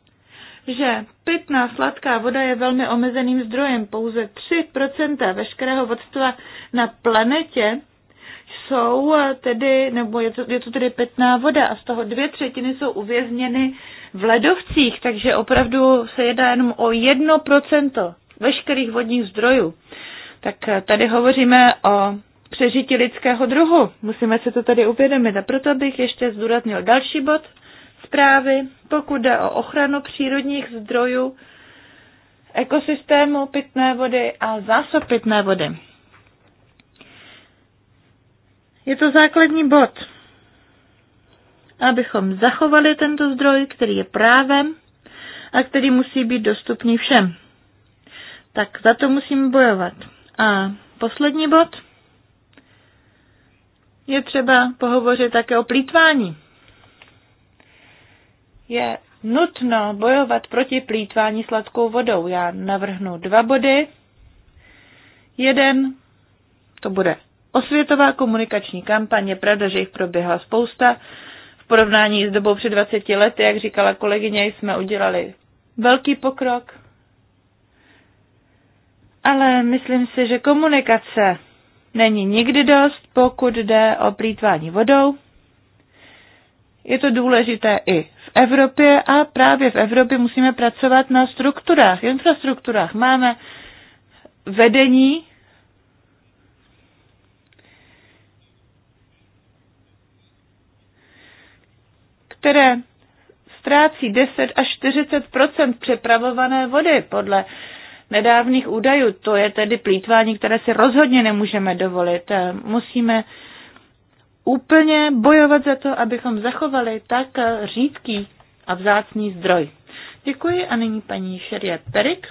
že pitná sladká voda je velmi omezeným zdrojem. Pouze 3% veškerého vodstva na planetě jsou tedy, nebo je to, je to tedy pitná voda a z toho dvě třetiny jsou uvězněny v ledovcích, takže opravdu se jedná jenom o 1% veškerých vodních zdrojů. Tak tady hovoříme o přežití lidského druhu. Musíme se to tady uvědomit. A proto bych ještě zdůraznil další bod zprávy, pokud jde o ochranu přírodních zdrojů, ekosystému pitné vody a zásob pitné vody. Je to základní bod, abychom zachovali tento zdroj, který je právem a který musí být dostupný všem. Tak za to musíme bojovat. A poslední bod – je třeba pohovořit také o plítvání. Je nutno bojovat proti plítvání sladkou vodou. Já navrhnu dva body. Jeden, to bude osvětová komunikační kampaně, pravda, že jich proběhla spousta. V porovnání s dobou před 20 lety, jak říkala kolegyně, jsme udělali velký pokrok. Ale myslím si, že komunikace není nikdy dost, pokud jde o plítvání vodou. Je to důležité i v Evropě a právě v Evropě musíme pracovat na strukturách, infrastrukturách. Máme vedení které ztrácí 10 až 40 přepravované vody podle nedávných údajů. To je tedy plítvání, které si rozhodně nemůžeme dovolit. Eh, musíme úplně bojovat za to, abychom zachovali tak eh, řídký a vzácný zdroj. Děkuji a nyní paní Šeriat Perik.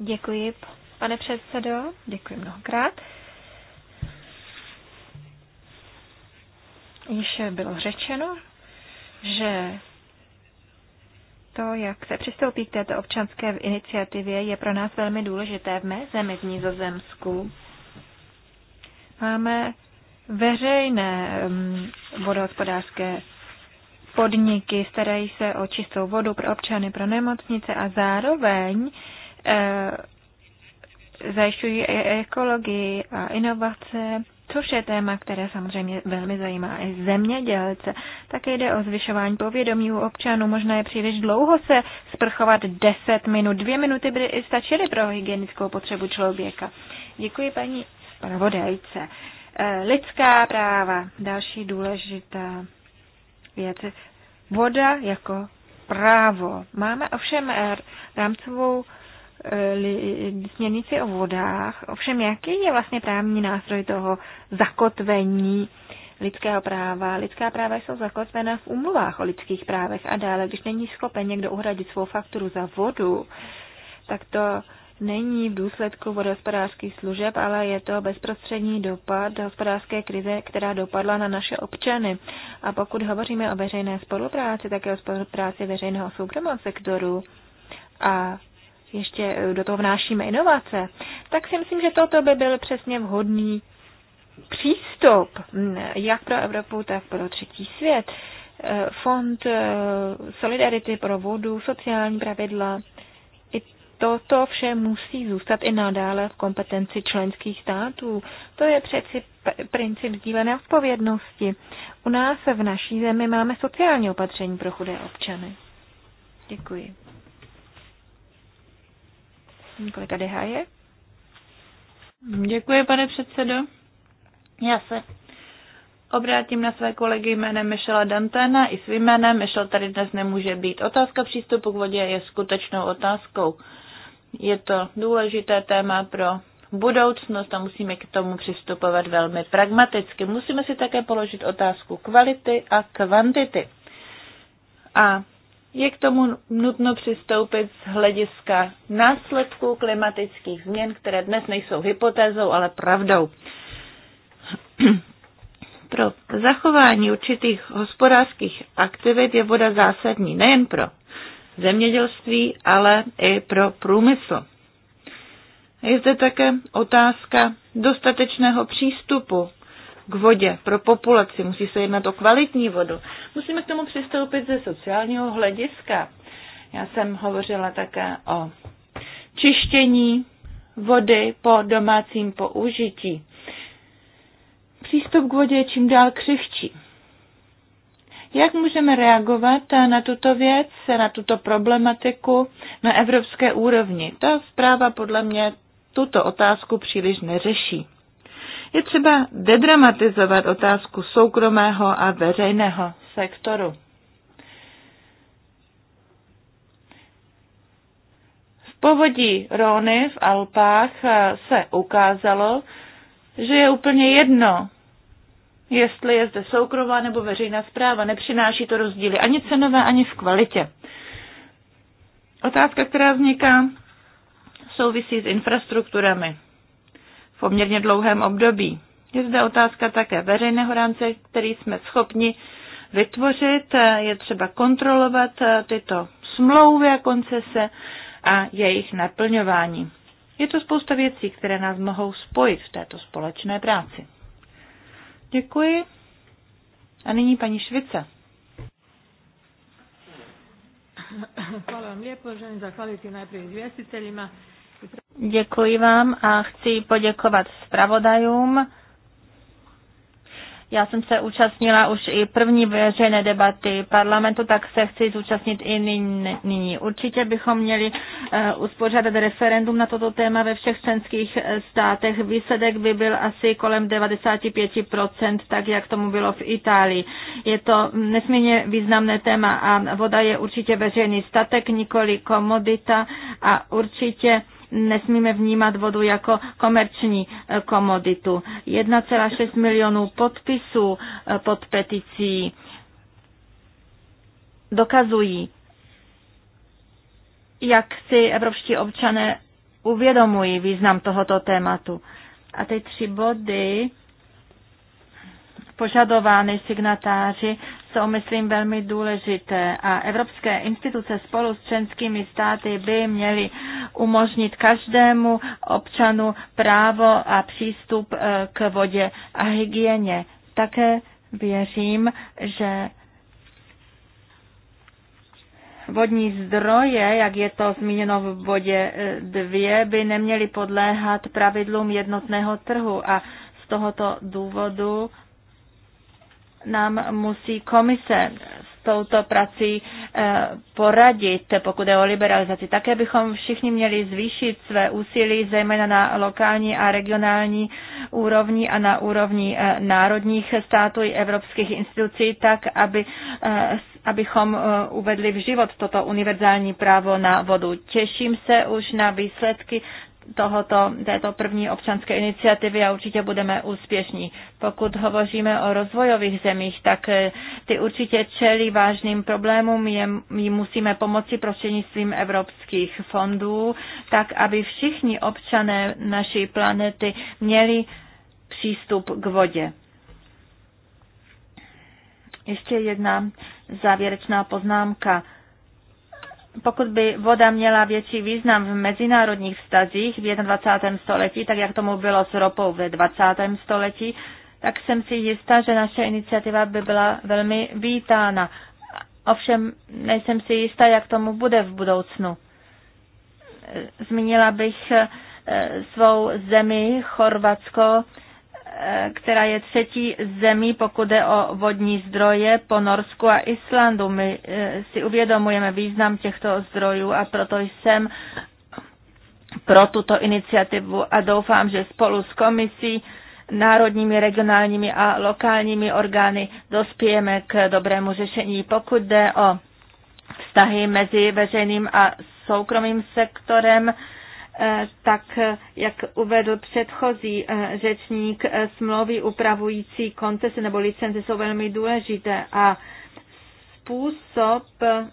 Děkuji, pane předsedo. Děkuji mnohokrát. Již bylo řečeno, že to, jak se přistoupí k této občanské iniciativě, je pro nás velmi důležité. V mé zemi v Nizozemsku máme veřejné mm, vodohospodářské podniky, starají se o čistou vodu pro občany, pro nemocnice a zároveň eh, e, zajišťují e-, ekologii a inovace což je téma, které samozřejmě velmi zajímá i zemědělce. Také jde o zvyšování povědomí u občanů. Možná je příliš dlouho se sprchovat 10 minut. Dvě minuty by i stačily pro hygienickou potřebu člověka. Děkuji paní zpravodajce. Eh, lidská práva, další důležitá věc. Voda jako právo. Máme ovšem eh, rámcovou Eh, směrnici o vodách. Ovšem, jaký je vlastně právní nástroj toho zakotvení lidského práva? Lidská práva jsou zakotvena v umluvách o lidských právech a dále, když není schopen někdo uhradit svou fakturu za vodu, tak to není v důsledku vodohospodářských služeb, ale je to bezprostřední dopad hospodářské krize, která dopadla na naše občany. A pokud hovoříme o veřejné spolupráci, je o spolupráci veřejného soukromého sektoru a ještě do toho vnášíme inovace, tak si myslím, že toto by byl přesně vhodný přístup, mm, jak pro Evropu, tak pro třetí svět. E, fond e, Solidarity pro vodu, sociální pravidla, i toto vše musí zůstat i nadále v kompetenci členských států. To je přeci princip sdílené odpovědnosti. U nás v naší zemi máme sociální opatření pro chudé občany. Děkuji. Kolega Dehaje. Děkuji, pane předsedo. Já se obrátím na své kolegy jménem Michela Dantena i svým jménem. Michel tady dnes nemůže být. Otázka přístupu k vodě je skutečnou otázkou. Je to důležité téma pro budoucnost a musíme k tomu přistupovat velmi pragmaticky. Musíme si také položit otázku kvality a kvantity. A je k tomu nutno přistoupit z hlediska následků klimatických změn, které dnes nejsou hypotézou, ale pravdou. Pro zachování určitých hospodářských aktivit je voda zásadní nejen pro zemědělství, ale i pro průmysl. Je zde také otázka dostatečného přístupu k vodě pro populaci, musí se jednat o kvalitní vodu. Musíme k tomu přistoupit ze sociálního hlediska. Já jsem hovořila také o čištění vody po domácím použití. Přístup k vodě je čím dál křivčí. Jak můžeme reagovat na tuto věc, na tuto problematiku na evropské úrovni? Ta zpráva podle mě tuto otázku příliš neřeší. Je třeba dedramatizovat otázku soukromého a veřejného sektoru. V povodí Rony v Alpách eh, se ukázalo, že je úplně jedno, jestli je zde soukromá nebo veřejná zpráva. Nepřináší to rozdíly ani cenové, ani v kvalitě. Otázka, která vzniká, souvisí s infrastrukturami v poměrně dlouhém období. Je zde otázka také veřejného rámce, který jsme schopni vytvořit. Je třeba kontrolovat eh, tyto smlouvy a koncese a jejich naplňování. Je to spousta věcí, které nás mohou spojit v této společné práci. Děkuji. A nyní paní Švice. Hvala vám lijepo. Želim zahvaliti najprije izvjestiteljima Děkuji vám a chci poděkovat zpravodajům. Já jsem se účastnila už i první veřejné debaty parlamentu, tak se chci zúčastnit i nyní. Určitě bychom měli eh, uspořádat referendum na toto téma ve všech členských eh, státech. Výsledek by byl asi kolem 95%, tak jak tomu bylo v Itálii. Je to nesmírně významné téma a voda je určitě veřejný statek, nikoli komodita a určitě nesmíme vnímat vodu jako komerční eh, komoditu. 1,6 milionů podpisů eh, pod peticí dokazují, jak si evropští občané uvědomují význam tohoto tématu. A ty tři body požadovány signatáři jsou, myslím, velmi důležité a evropské instituce spolu s členskými státy by měly umožnit každému občanu právo a přístup eh, k vodě a hygieně. Také věřím, že vodní zdroje, jak je to zmíněno v bodě 2, eh, by neměly podléhat pravidlům jednotného trhu a z tohoto důvodu nám musí komise s touto prací eh, poradit, pokud je o liberalizaci. Také bychom všichni měli zvýšit své úsilí, zejména na lokální a regionální úrovni a na úrovni eh, národních států i evropských institucí, tak aby, eh, abychom uvedli v život toto univerzální právo na vodu. Těším se už na výsledky tohoto, této první občanské iniciativy a určitě budeme úspěšní. Pokud hovoříme o rozvojových zemích, tak eh, ty určitě čelí vážným problémům, jim musíme pomoci prostřednictvím evropských fondů, tak aby všichni občané naší planety měli přístup k vodě. Ještě jedna závěrečná poznámka pokud by voda měla větší význam v mezinárodních vztazích v 21. století, tak jak tomu bylo s ropou ve 20. století, tak jsem si jistá, že naše iniciativa by byla velmi vítána. Ovšem nejsem si jistá, jak tomu bude v budoucnu. Zmínila bych eh, svou zemi Chorvatsko, Eh, která je třetí zemí, pokud jde o vodní zdroje po Norsku a Islandu. My eh, si uvědomujeme význam těchto zdrojů a proto jsem pro tuto iniciativu a doufám, že spolu s komisí, národními, regionálními a lokálními orgány dospějeme k dobrému řešení. Pokud jde o vztahy mezi veřejným a soukromým sektorem, tak jak uvedl předchozí eh, řečník, eh, smlouvy upravující koncese nebo licence jsou velmi důležité a způsob eh,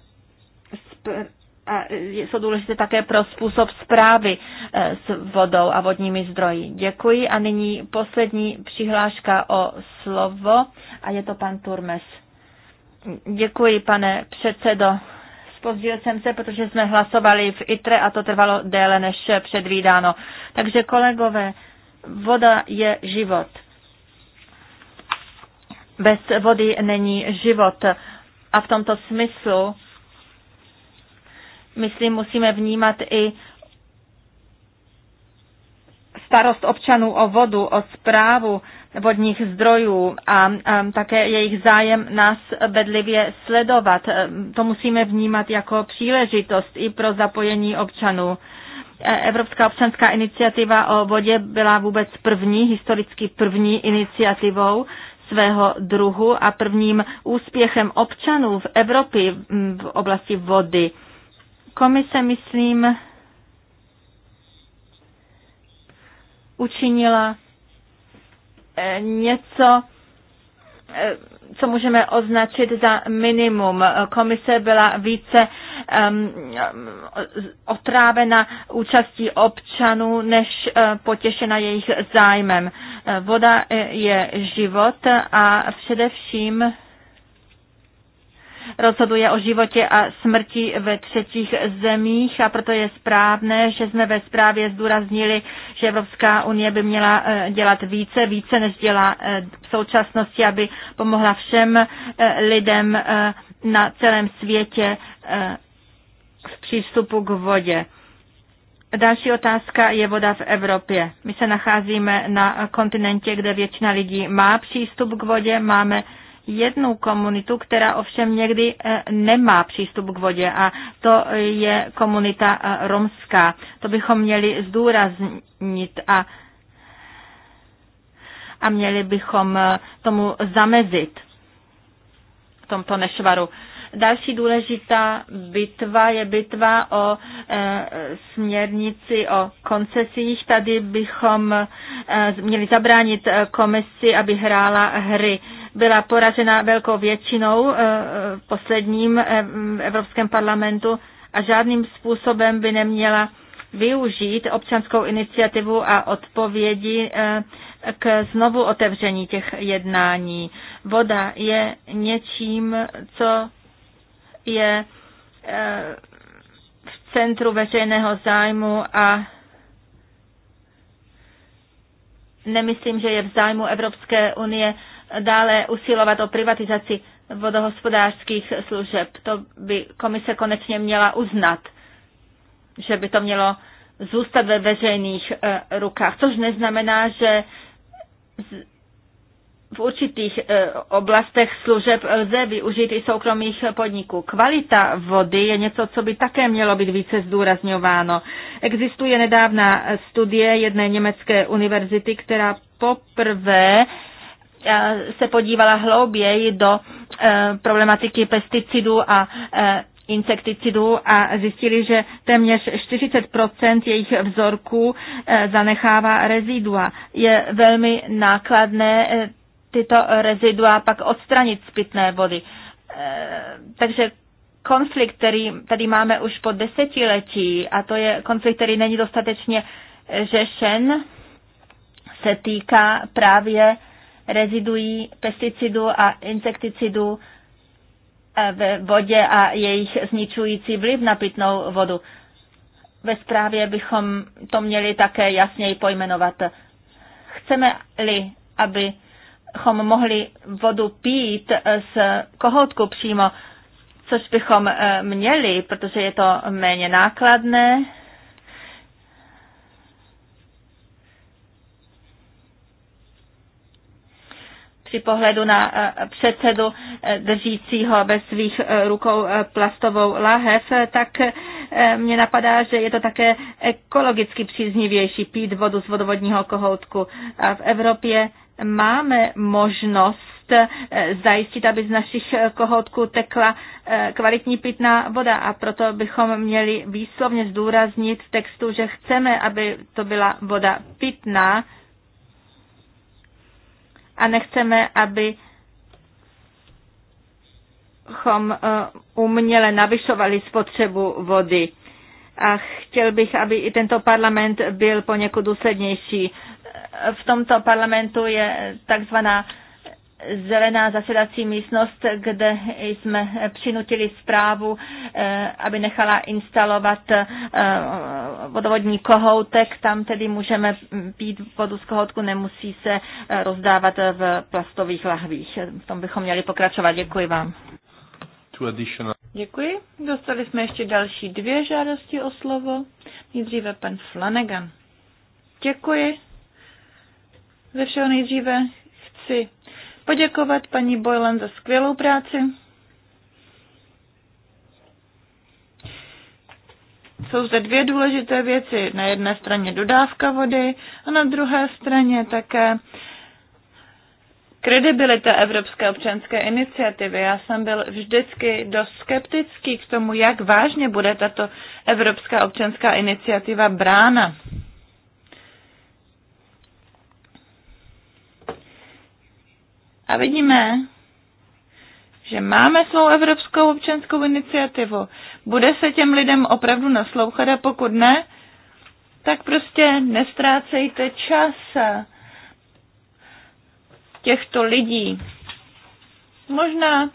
a jsou důležité také pro způsob zprávy s vodou a vodními zdroji. Děkuji a nyní poslední přihláška o slovo a je to pan Turmes. Děkuji, pane předsedo. Spozdil jsem se, protože jsme hlasovali v ITRE a to trvalo déle než předvídáno. Takže kolegové, voda je život. Bez vody není život. A v tomto smyslu, myslím, musíme vnímat i starost občanů o vodu, o zprávu vodních zdrojů a také jejich zájem nás bedlivě sledovat. E, to musíme vnímat jako příležitost i pro zapojení občanů. E, Evropská občanská iniciativa o vodě byla vůbec první, historicky první iniciativou svého druhu a prvním úspěchem občanů v Evropě v oblasti vody. Komise, myslím, učinila eh, něco, eh, co můžeme označit za minimum. Komise byla více um, otrávena účastí občanů, než potěšena jejich zájmem. Voda je život a především rozhoduje o životě a smrti ve třetích zemích a proto je správné, že jsme ve zprávě zdůraznili, že Evropská unie by měla eh, dělat více, více než dělá eh, v současnosti, aby pomohla všem eh, lidem na celém světě v přístupu k vodě. Další otázka je voda v Evropě. My se nacházíme na kontinentě, kde většina lidí má přístup k vodě, máme jednu komunitu, která ovšem někdy eh, nemá přístup k vodě a to je komunita eh, romská. To bychom měli zdůraznit a, a měli bychom eh, tomu zamezit tomto nešvaru. Další důležitá bitva je bitva o e, směrnici o koncesích. Tady bychom e, měli zabránit komisi, aby hrála hry. E, byla poražena velkou většinou eh, v posledním eh, Evropském parlamentu a žádným způsobem by neměla využít občanskou iniciativu a odpovědi eh, k znovu otevření těch jednání. Voda je něčím, co je v centru veřejného zájmu a nemyslím, že je v zájmu Evropské unie dále usilovat o privatizaci vodohospodářských služeb. To by komise konečně měla uznat, že by to mělo zůstat ve veřejných eh, rukách, což neznamená, že v určitých eh, oblastech služeb lze využít i soukromých podniků. Kvalita vody je něco, co by také mělo být více zdůrazňováno. Existuje nedávná studie jedné německé univerzity, která poprvé Eh, se podívala hlouběji do eh, problematiky pesticidů a eh, insekticidů a zjistili, že téměř 40 jejich vzorků zanechává rezidua. Je velmi nákladné tyto rezidua pak odstranit z pitné vody. Takže konflikt, který tady máme už po desetiletí, a to je konflikt, který není dostatečně řešen, se týká právě rezidují pesticidů a insekticidů eh, v vodě a jejich zničující vliv na pitnou vodu. Ve zprávě bychom to měli také jasněji pojmenovat. Chceme-li, abychom mohli vodu pít z kohoutku přímo, což bychom eh, měli, protože je to méně nákladné, při pohledu na eh, předsedu eh, držícího ve svých eh, rukou plastovou lahev, tak mě napadá, že je to také ekologicky příznivější pít vodu z vodovodního kohoutku. A v Evropě máme možnost zajistit, aby z našich kohoutků tekla kvalitní pitná voda a proto bychom měli výslovně zdůraznit v textu, že chceme, aby to byla voda pitná, a nechceme, aby chom eh, uměle navyšovali spotřebu vody. A chtěl bych, aby i tento parlament byl poněkud důslednější. V tomto parlamentu je takzvaná zelená zasedací místnost, kde jsme přinutili zprávu, eh, aby nechala instalovat eh, vodovodní kohoutek. Tam tedy můžeme pít vodu z kohoutku, nemusí se eh, rozdávat v plastových lahvích. V tom bychom měli pokračovat. Děkuji vám. Děkuji. Dostali jsme ještě další dvě žádosti o slovo. Nejdříve pan Flanagan. Děkuji. Ze všeho nejdříve chci poděkovat paní Boylan za skvělou práci. Jsou zde dvě důležité věci. Na jedné straně dodávka vody a na druhé straně také kredibilita Evropské občanské iniciativy. Já jsem byl vždycky dost skeptický k tomu, jak vážně bude tato Evropská občanská iniciativa brána. A vidíme, že máme svou evropskou občanskou iniciativu. Bude se těm lidem opravdu naslouchat a pokud ne, tak prostě nestrácejte čas těchto lidí. Možná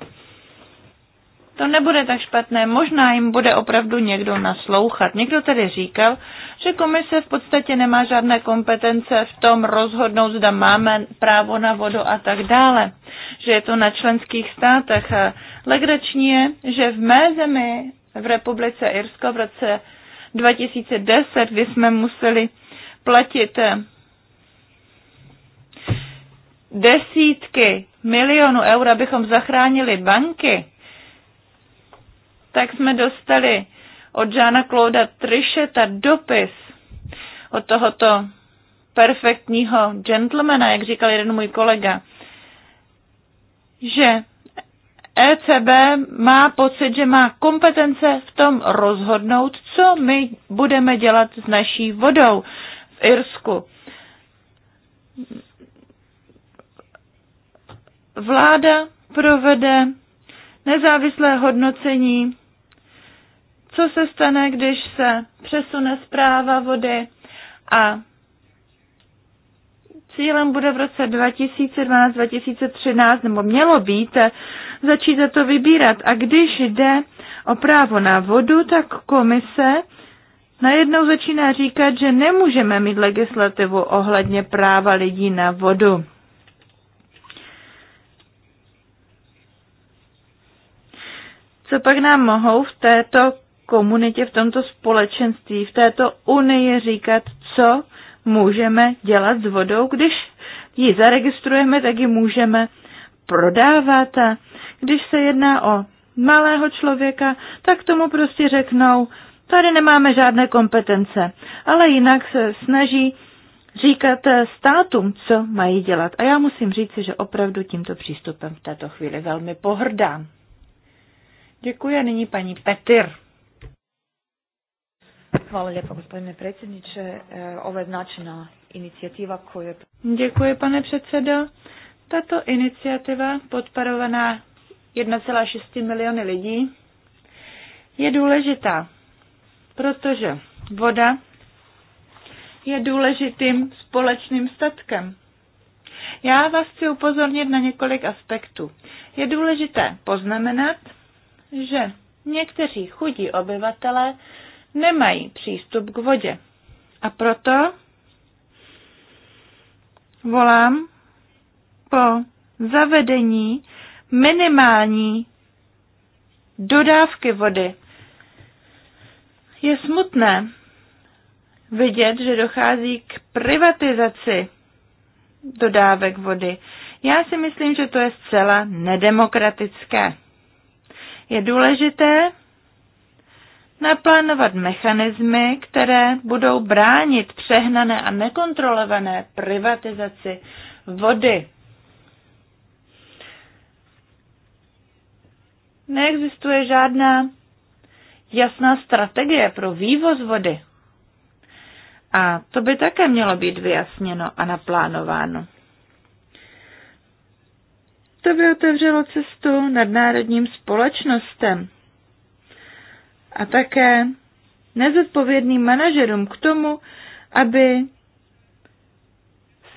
to nebude tak špatné, možná jim bude opravdu někdo naslouchat. Někdo tedy říkal, že komise v podstatě nemá žádné kompetence v tom rozhodnout, zda máme právo na vodu a tak dále, že je to na členských státech. Legrační je, že v mé zemi, v republice Irsko v roce 2010, kdy jsme museli platit desítky milionů eur, abychom zachránili banky, tak jsme dostali od Žána Klauda Trišeta dopis od tohoto perfektního gentlemana, jak říkal jeden můj kolega, že ECB má pocit, že má kompetence v tom rozhodnout, co my budeme dělat s naší vodou v Irsku. Vláda provede nezávislé hodnocení co se stane, když se přesune zpráva vody a cílem bude v roce 2012-2013, nebo mělo být, začít za to vybírat. A když jde o právo na vodu, tak komise najednou začíná říkat, že nemůžeme mít legislativu ohledně práva lidí na vodu. Co pak nám mohou v této komunitě, v tomto společenství, v této unii říkat, co můžeme dělat s vodou, když ji zaregistrujeme, tak ji můžeme prodávat. A když se jedná o malého člověka, tak tomu prostě řeknou, tady nemáme žádné kompetence, ale jinak se snaží říkat státům, co mají dělat. A já musím říci, že opravdu tímto přístupem v této chvíli velmi pohrdám. Děkuji a nyní paní Petr. Hvala lijepo gospodine predsjedniče. E, ovo je značajna inicijativa koju je... Děkuji pane předsedo. Tato iniciativa podporovaná 1,6 miliony lidí je důležitá, protože voda je důležitým společným statkem. Já vás chci upozornit na několik aspektů. Je důležité poznamenat, že někteří chudí obyvatelé nemají přístup k vodě. A proto volám po zavedení minimální dodávky vody. Je smutné vidět, že dochází k privatizaci dodávek vody. Já si myslím, že to je zcela nedemokratické. Je důležité, naplánovat mechanismy, které budou bránit přehnané a nekontrolované privatizaci vody. Neexistuje žádná jasná strategie pro vývoz vody. A to by také mělo být vyjasněno a naplánováno. To by otevřelo cestu nadnárodním společnostem, a také nezodpovědným manažerům k tomu, aby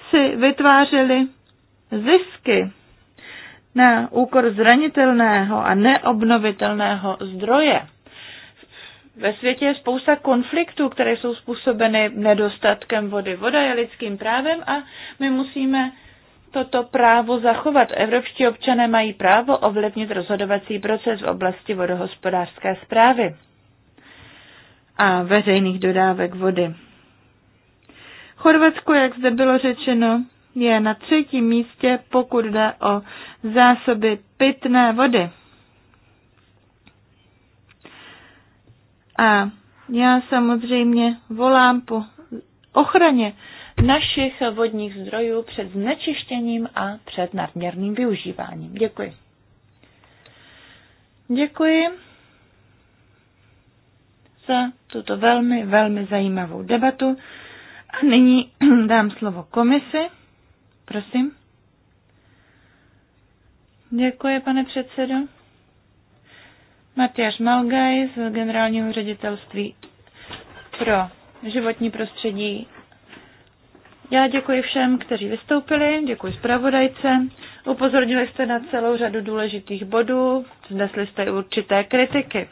si vytvářeli zisky na úkor zranitelného a neobnovitelného zdroje. Ve světě je spousta konfliktů, které jsou způsobeny nedostatkem vody. Voda je lidským právem a my musíme toto právo zachovat. Evropští občané mají právo ovlivnit rozhodovací proces v oblasti vodohospodářské zprávy a veřejných dodávek vody. Chorvatsko, jak zde bylo řečeno, je na třetím místě, pokud jde o zásoby pitné vody. A já samozřejmě volám po ochraně našich vodních zdrojů před znečištěním a před nadměrným využíváním. Děkuji. Děkuji za tuto velmi, velmi zajímavou debatu. A nyní dám slovo komisi. Prosím. Děkuji, pane předsedo. Matyáš Malgaj z generálního ředitelství pro životní prostředí já děkuji všem, kteří vystoupili, děkuji zpravodajce. Upozornili jste na celou řadu důležitých bodů, vznesli jste určité kritiky.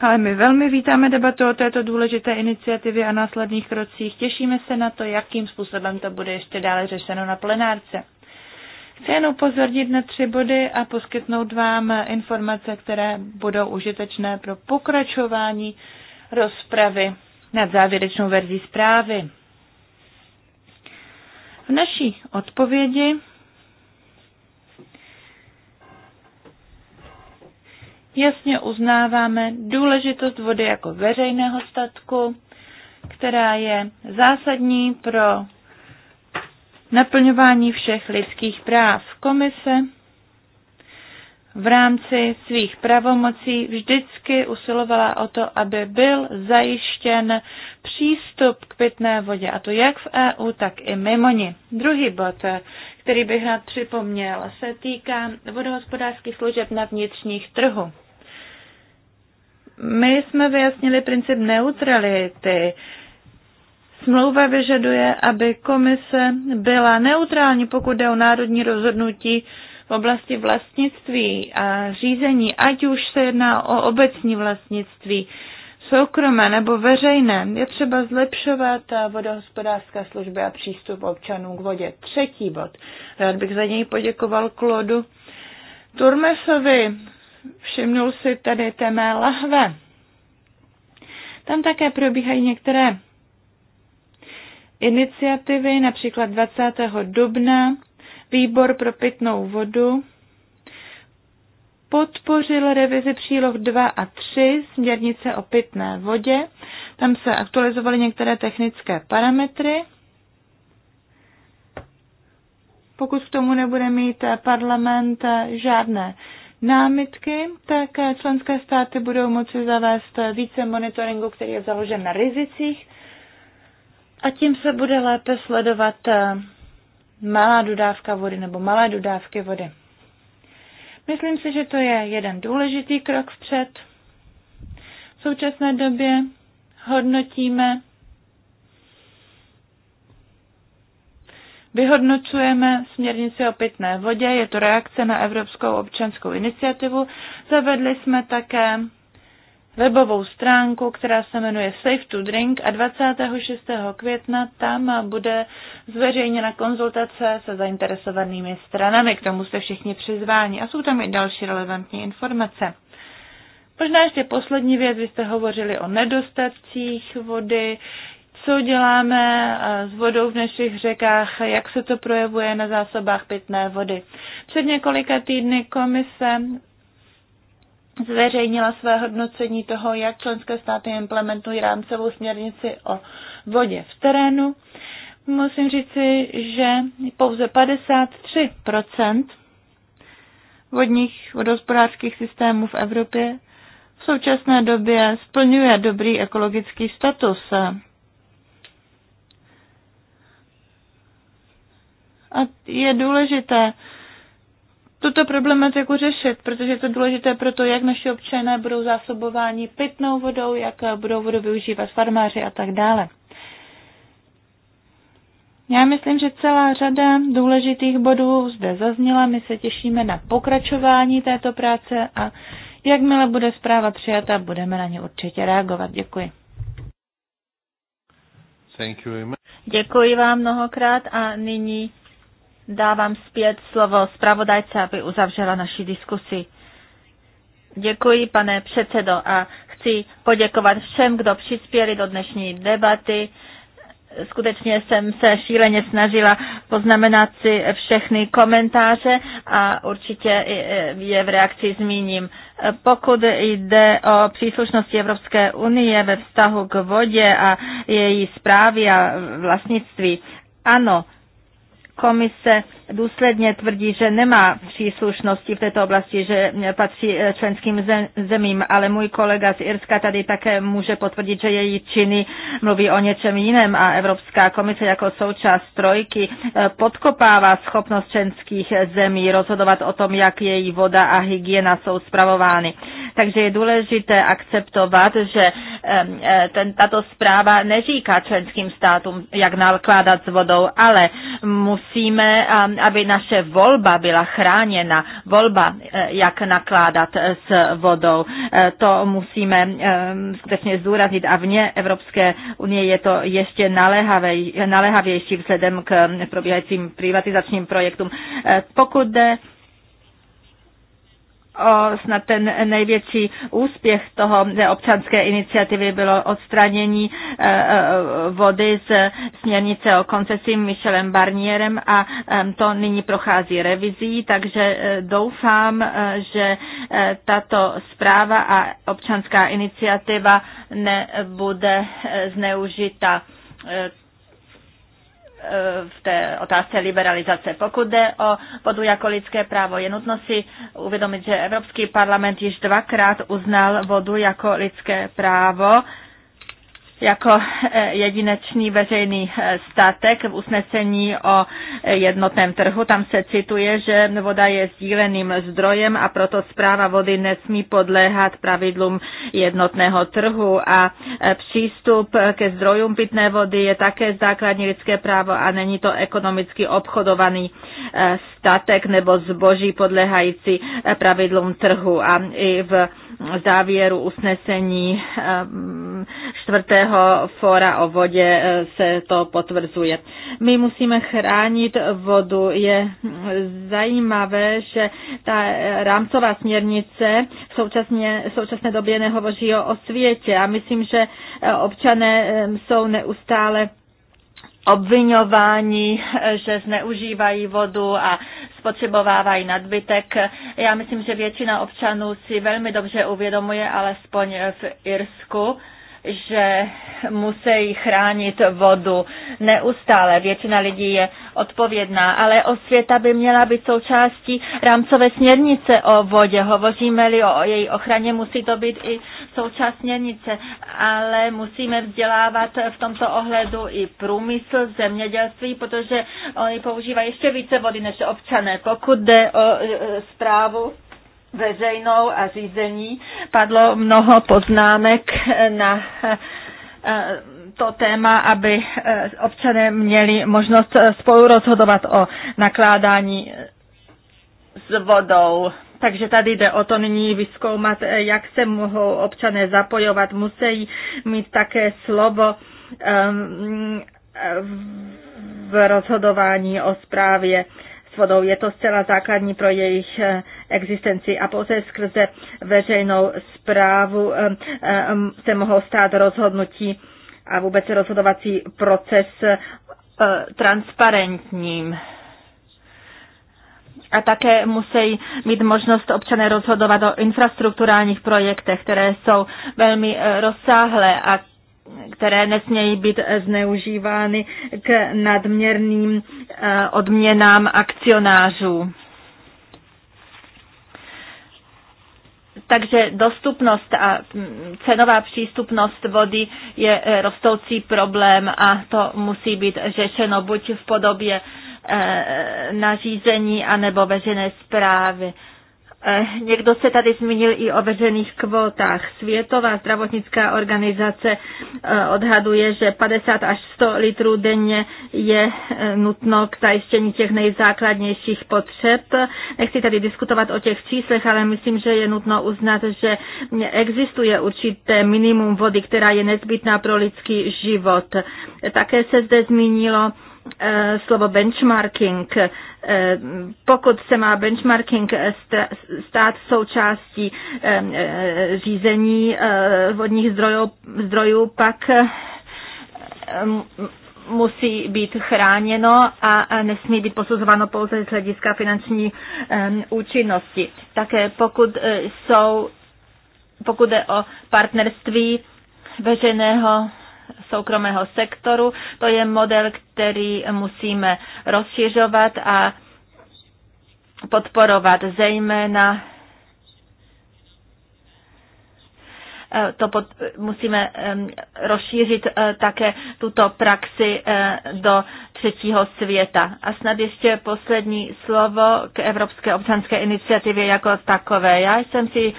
Ale my velmi vítáme debatu o této důležité iniciativě a následných krocích. Těšíme se na to, jakým způsobem to bude ještě dále řešeno na plenárce. Chci jen upozornit na tři body a poskytnout vám informace, které budou užitečné pro pokračování rozpravy nad závěrečnou verzí zprávy. V naší odpovědi jasně uznáváme důležitost vody jako veřejného statku, která je zásadní pro naplňování všech lidských práv. Komise v rámci svých pravomocí vždycky usilovala o to, aby byl zajištěn přístup k pitné vodě, a to jak v EU, tak i mimo ní. Druhý bod, který bych rád připomněl, se týká vodohospodářských služeb na vnitřních trhu. My jsme vyjasnili princip neutrality. Smlouva vyžaduje, aby komise byla neutrální, pokud jde o národní rozhodnutí v oblasti vlastnictví a řízení, ať už se jedná o obecní vlastnictví, soukromé nebo veřejné, je třeba zlepšovat vodohospodářská služby a přístup občanů k vodě. Třetí bod. Rád bych za něj poděkoval Klodu Turmesovi. Všimnul si tady té mé lahve. Tam také probíhají některé iniciativy, například 20. dubna výbor pro pitnou vodu podpořil revizi příloh 2 a 3 směrnice o pitné vodě. Tam se aktualizovaly některé technické parametry. Pokud k tomu nebude mít parlament žádné námitky, tak členské státy budou moci zavést více monitoringu, který je založen na rizicích a tím se bude lépe sledovat malá dodávka vody nebo malé dodávky vody. Myslím si, že to je jeden důležitý krok vpřed. V současné době hodnotíme, vyhodnocujeme směrnici o pitné vodě, je to reakce na Evropskou občanskou iniciativu. Zavedli jsme také webovou stránku, která se jmenuje Safe to Drink a 26. května tam bude zveřejněna konzultace se zainteresovanými stranami. K tomu jste všichni přizváni a jsou tam i další relevantní informace. Možná ještě poslední věc, vy jste hovořili o nedostatcích vody, co děláme eh, s vodou v našich řekách, jak se to projevuje na zásobách pitné vody. Před několika týdny komise zveřejnila své hodnocení toho, jak členské státy implementují rámcovou směrnici o vodě v terénu. Musím říci, že pouze 53% vodních vodospodářských systémů v Evropě v současné době splňuje dobrý ekologický status. A je důležité tuto problematiku řešit, protože je to důležité pro to, jak naši občané budou zásobováni pitnou vodou, jak budou vodu využívat farmáři a tak dále. Já myslím, že celá řada důležitých bodů zde zazněla. My se těšíme na pokračování této práce a jakmile bude zpráva přijata, budeme na ně určitě reagovat. Děkuji. Děkuji vám mnohokrát a nyní dávám zpět slovo zpravodajce, aby uzavřela naši diskusi. Děkuji, pane předsedo, a chci poděkovat všem, kdo přispěli do dnešní debaty. Skutečně jsem se šíleně snažila poznamenat si všechny komentáře a určitě e, je v reakci zmíním. Pokud jde o příslušnosti Evropské unie ve vztahu k vodě a její zprávy a vlastnictví, ano, komise důsledně tvrdí, že nemá příslušnosti v této oblasti, že patří eh, členským zemím, ale můj kolega z Irska tady také může potvrdit, že její činy mluví o něčem jiném a Evropská komise jako součást trojky eh, podkopává schopnost členských zemí rozhodovat o tom, jak její voda a hygiena jsou zpravovány. Takže je důležité akceptovat, že eh, ten, tato zpráva neříká členským státům, jak nakládat s vodou, ale musíme aby naše volba byla chráněna, volba, eh, jak nakládat s vodou. Eh, to musíme eh, skutečně zdůraznit a vně Evropské unie je to ještě naléhavější vzhledem k probíhajícím privatizačním projektům. Pokud jde o snad ten největší úspěch toho občanské iniciativy bylo odstranění e, e, vody z směrnice o koncesi Michelem Barnierem a to nyní prochází revizí, takže e, doufám, že tato zpráva a občanská iniciativa nebude zneužita Eh, v té otázce liberalizace. Pokud jde o vodu jako lidské právo, je nutno si uvědomit, že Evropský parlament již dvakrát uznal vodu jako lidské právo jako eh, jedinečný veřejný eh, statek v usnesení o eh, jednotném trhu. Tam se cituje, že voda je sdíleným zdrojem a proto zpráva vody nesmí podléhat pravidlům jednotného trhu a přístup ke zdrojům pitné vody je také základní lidské právo a není to ekonomicky obchodovaný statek nebo zboží podléhající pravidlům trhu. A i v závěru usnesení čtvrté Světového fora o vodě eh, se to potvrzuje. My musíme chránit vodu. Je zajímavé, že ta rámcová směrnice v současné, v současné době nehovoří o světě, a myslím, že eh, občané eh, jsou neustále obvinování, že zneužívají vodu a spotřebovávají nadbytek. Já myslím, že většina občanů si velmi dobře uvědomuje, alespoň v Irsku, že musí chránit vodu neustále. Většina lidí je odpovědná, ale osvěta by měla být součástí rámcové směrnice o vodě. Hovoříme-li o její ochraně, musí to být i součást směrnice, ale musíme vzdělávat v tomto ohledu i průmysl, zemědělství, protože oni používají ještě více vody než občané. Pokud jde o e, e, zprávu, veřejnou a řízení. Padlo mnoho poznámek na eh, to téma, aby eh, občané měli možnost eh, spolu rozhodovat o nakládání s vodou. Takže tady jde o to nyní vyskoumat, jak se mohou občané zapojovat. Musí mít také slovo ehm, v rozhodování o správě s vodou. Je to zcela základní pro jejich existenci a pouze skrze veřejnou zprávu eh, eh, se mohou stát rozhodnutí a vůbec rozhodovací proces eh, transparentním. A také musí mít možnost občané rozhodovat o infrastrukturálních projektech, které jsou velmi rozsáhlé a které nesmějí být zneužívány k nadměrným odměnám akcionářů. takže dostupnost a mm, cenová přístupnost vody je e, rostoucí problém a to musí být řešeno buď v podobě e, nařízení anebo veřejné zprávy. Eh, někdo se tady zmínil i o veřejných kvótách. Světová zdravotnická organizace eh, odhaduje, že 50 až 100 litrů denně je eh, nutno k zajištění těch nejzákladnějších potřeb. Nechci tady diskutovat o těch číslech, ale myslím, že je nutno uznat, že existuje určité minimum vody, která je nezbytná pro lidský život. Také se zde zmínilo Eh, slovo benchmarking. Eh, pokud se má benchmarking eh, stát součástí řízení vodních zdrojů, zdrojů pak musí být chráněno a nesmí být posuzováno pouze z hlediska finanční účinnosti. Také pokud jsou, pokud jde o partnerství veřejného soukromého sektoru. To je model, který musíme rozšiřovat a podporovat, zejména eh, to pod, musíme rozšířit eh, také tuto praxi eh, do třetího světa. A snad ještě poslední slovo k Evropské občanské iniciativě jako takové. Já jsem si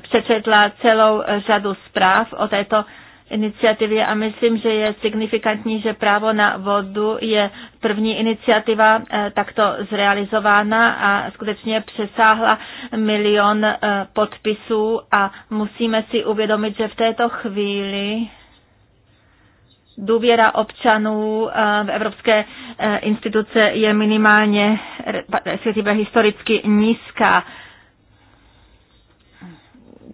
přečetla celou řadu zpráv o této iniciativě a myslím, že je signifikantní, že právo na vodu je první iniciativa eh, takto zrealizována a skutečně přesáhla milion eh, podpisů a musíme si uvědomit, že v této chvíli důvěra občanů eh, v evropské instituce je minimálně, respektive historicky nízká.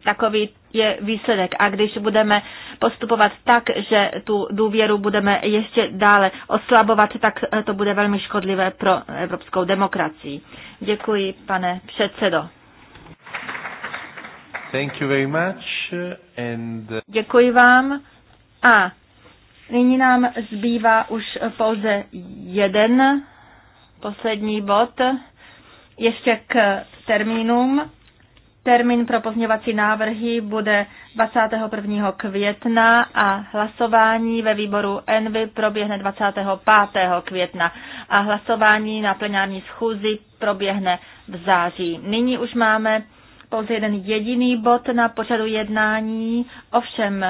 Takový je výsledek. A když budeme postupovat tak, že tu důvěru budeme ještě dále oslabovat, tak eh, to bude velmi škodlivé pro evropskou demokracii. Děkuji, pane předsedo. Thank you very much and... Eh, Děkuji vám a nyní nám zbývá už pouze jeden poslední bod ještě k termínům. Termín pro pozměňovací návrhy bude 21. května a hlasování ve výboru ENVY proběhne 25. května a hlasování na plenární schůzi proběhne v září. Nyní už máme pouze jeden jediný bod na pořadu jednání, ovšem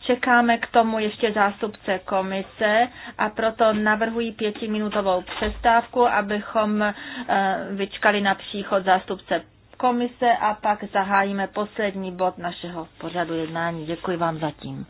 čekáme k tomu ještě zástupce komise a proto navrhuji pětiminutovou přestávku, abychom eh, vyčkali na příchod zástupce komise a pak zahájíme poslední bod našeho pořadu jednání. Děkuji vám zatím.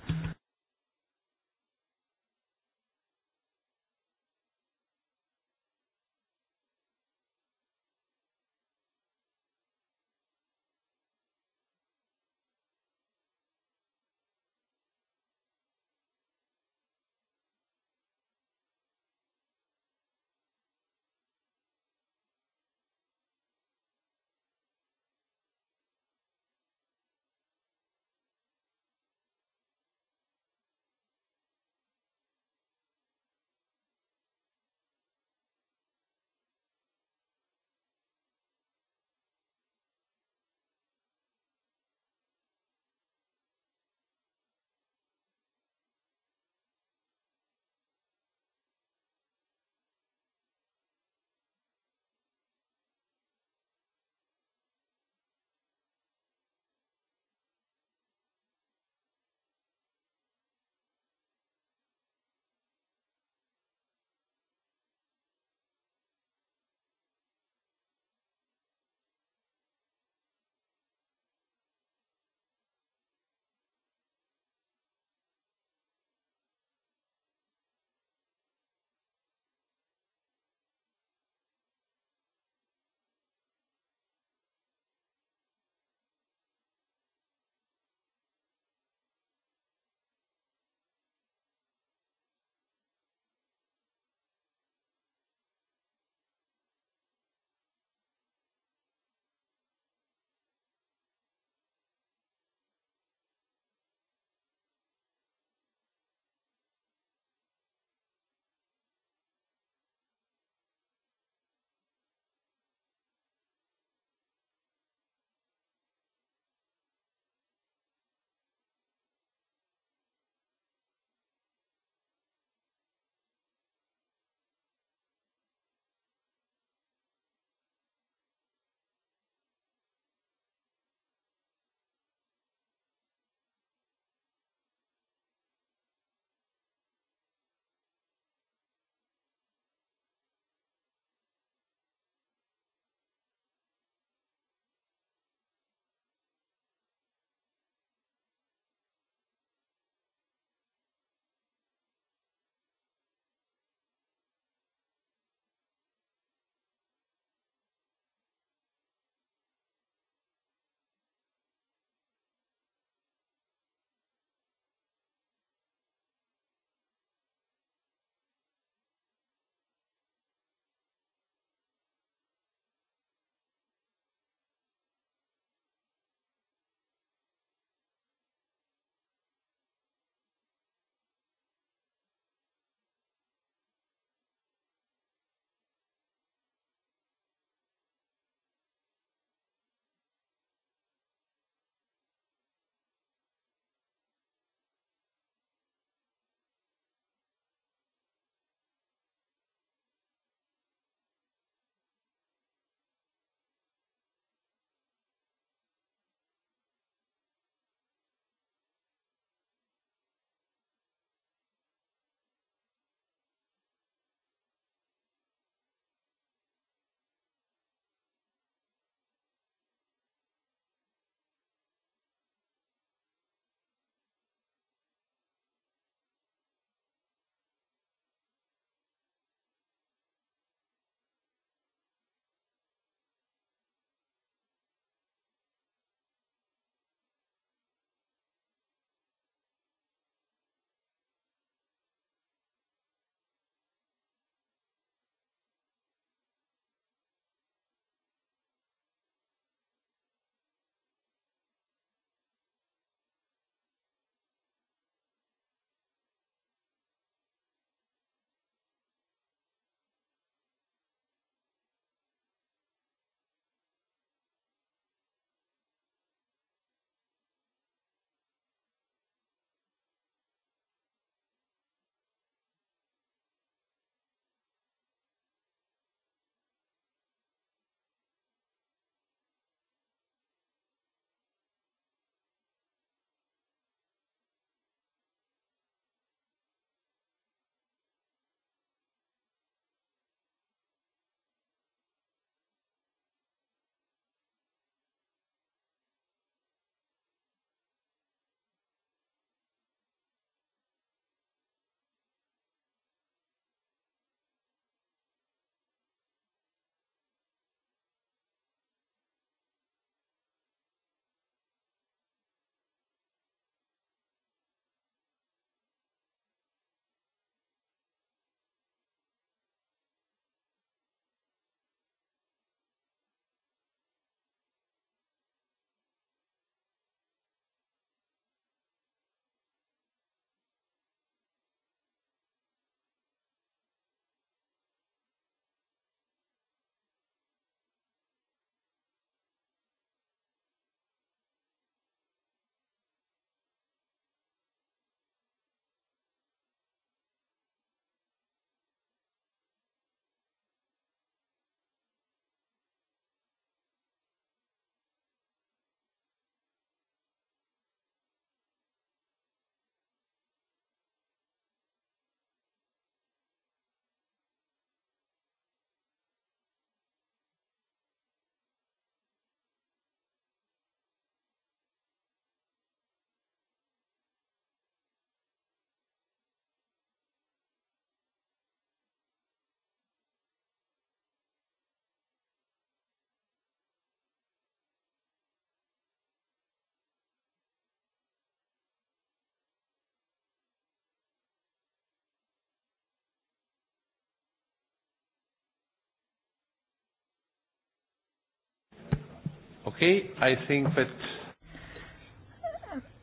Okay, I think that...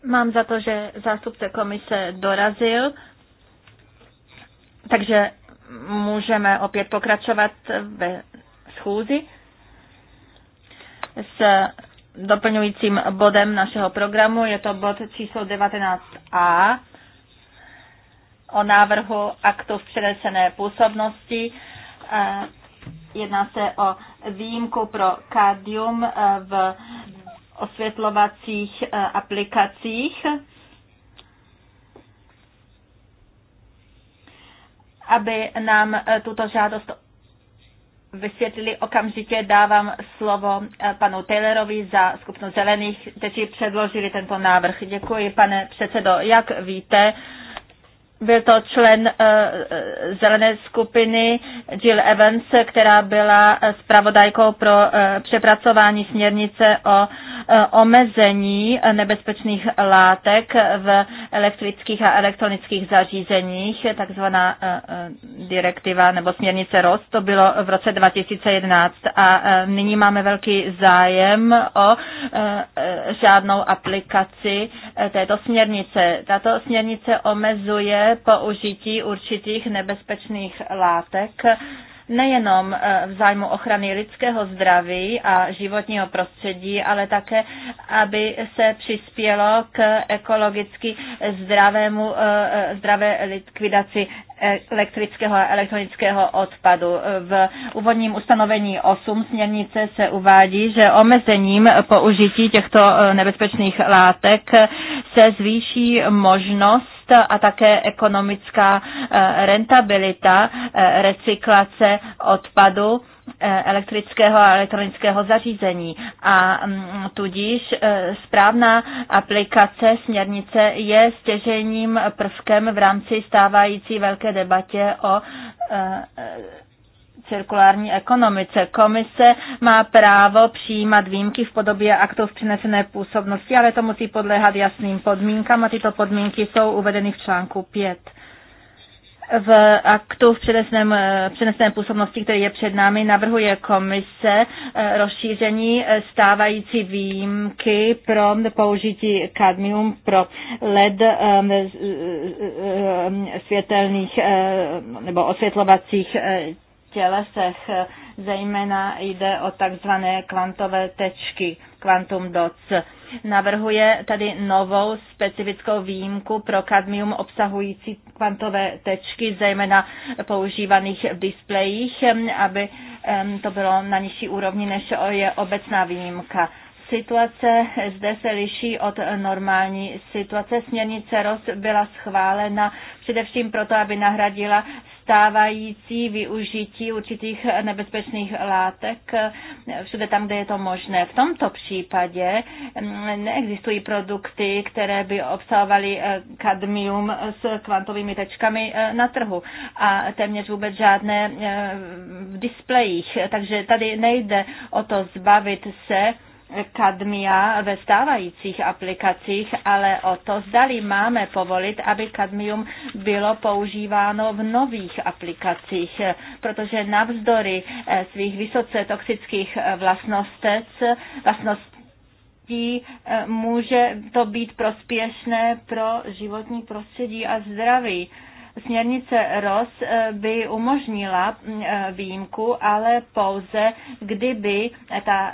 Mám za to, že zástupce komise dorazil, takže můžeme opět pokračovat ve schůzi s doplňujícím bodem našeho programu. Je to bod číslo 19a o návrhu aktu v přenesené působnosti Jedná se o výjimku pro kádium eh, v osvětlovacích eh, aplikacích. Aby nám eh, tuto žádost vysvětlili okamžitě, dávám slovo panu Taylorovi za skupinu zelených, kteří předložili tento návrh. Děkuji, pane předsedo. Jak víte, byl to člen eh, eh, zelené skupiny Jill Evans, která byla eh, zpravodajkou pro přepracování směrnice o omezení nebezpečných látek v elektrických a elektronických zařízeních, takzvaná direktiva nebo směrnice ROS, to bylo v roce 2011 a nyní máme velký zájem o žádnou aplikaci této směrnice. Tato směrnice omezuje použití určitých nebezpečných látek nejenom eh, v zájmu ochrany lidského zdraví a životního prostředí, ale také, aby se přispělo k ekologicky zdravému, eh, eh, zdravé likvidaci elektrického a elektronického odpadu. V úvodním ustanovení 8 směrnice se uvádí, že omezením použití těchto nebezpečných látek se zvýší možnost růst a také ekonomická eh, rentabilita eh, recyklace odpadu eh, elektrického a elektronického zařízení. A mm, tudíž správná aplikace směrnice je stěžením prvkem v rámci stávající velké debatě o cirkulární ekonomice. Komise má právo přijímat výjimky v podobě aktů v přinesené působnosti, ale to musí podléhat jasným podmínkám a tyto podmínky jsou uvedeny v článku 5 v aktu v přenesném působnosti, který je před námi, navrhuje komise eh, rozšíření eh, stávající výjimky pro použití kadmium pro LED eh, světelných nebo osvětlovacích tělesech. Zejména jde o takzvané kvantové tečky, kvantum dots. Navrhuje tady novou specifickou výjimku pro kadmium obsahující kvantové tečky, zejména používaných v displejích, aby to bylo na nižší úrovni, než je obecná výjimka situace zde se liší od normální situace. Směrnice ROS byla schválena především proto, aby nahradila stávající využití určitých nebezpečných látek všude tam, kde je to možné. V tomto případě mm, neexistují produkty, které by obsahovaly eh, kadmium s kvantovými tečkami eh, na trhu a téměř vůbec žádné eh, v displejích. Takže tady nejde o to zbavit se kadmia ve stávajících aplikacích, ale o to, zdali máme povolit, aby kadmium bylo používáno v nových aplikacích, protože navzdory eh, svých vysoce toxických eh, vlastnostech, vlastností eh, může to být prospěšné pro životní prostředí a zdraví. Směrnice ROS by umožnila mm, výjimku, ale pouze kdyby ta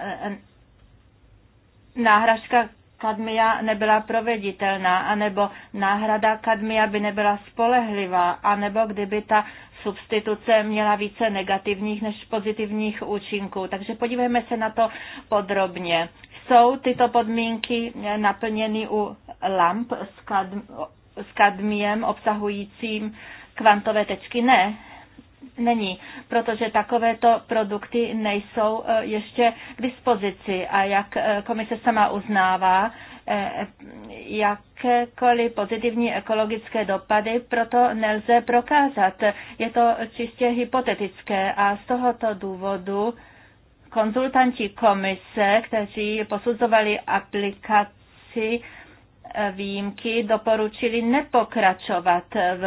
náhražka kadmia nebyla proveditelná, anebo náhrada kadmia by nebyla spolehlivá, anebo kdyby ta substituce měla více negativních než pozitivních účinků. Takže podívejme se na to podrobně. Jsou tyto podmínky naplněny u lamp s, kadm, s kadmiem obsahujícím kvantové tečky? Ne, není, protože takovéto produkty nejsou eh, ještě k dispozici a jak eh, komise sama uznává, eh, jakékoliv pozitivní ekologické dopady proto nelze prokázat. Je to čistě hypotetické a z tohoto důvodu konzultanti komise, kteří posuzovali aplikaci, výjimky doporučili nepokračovat v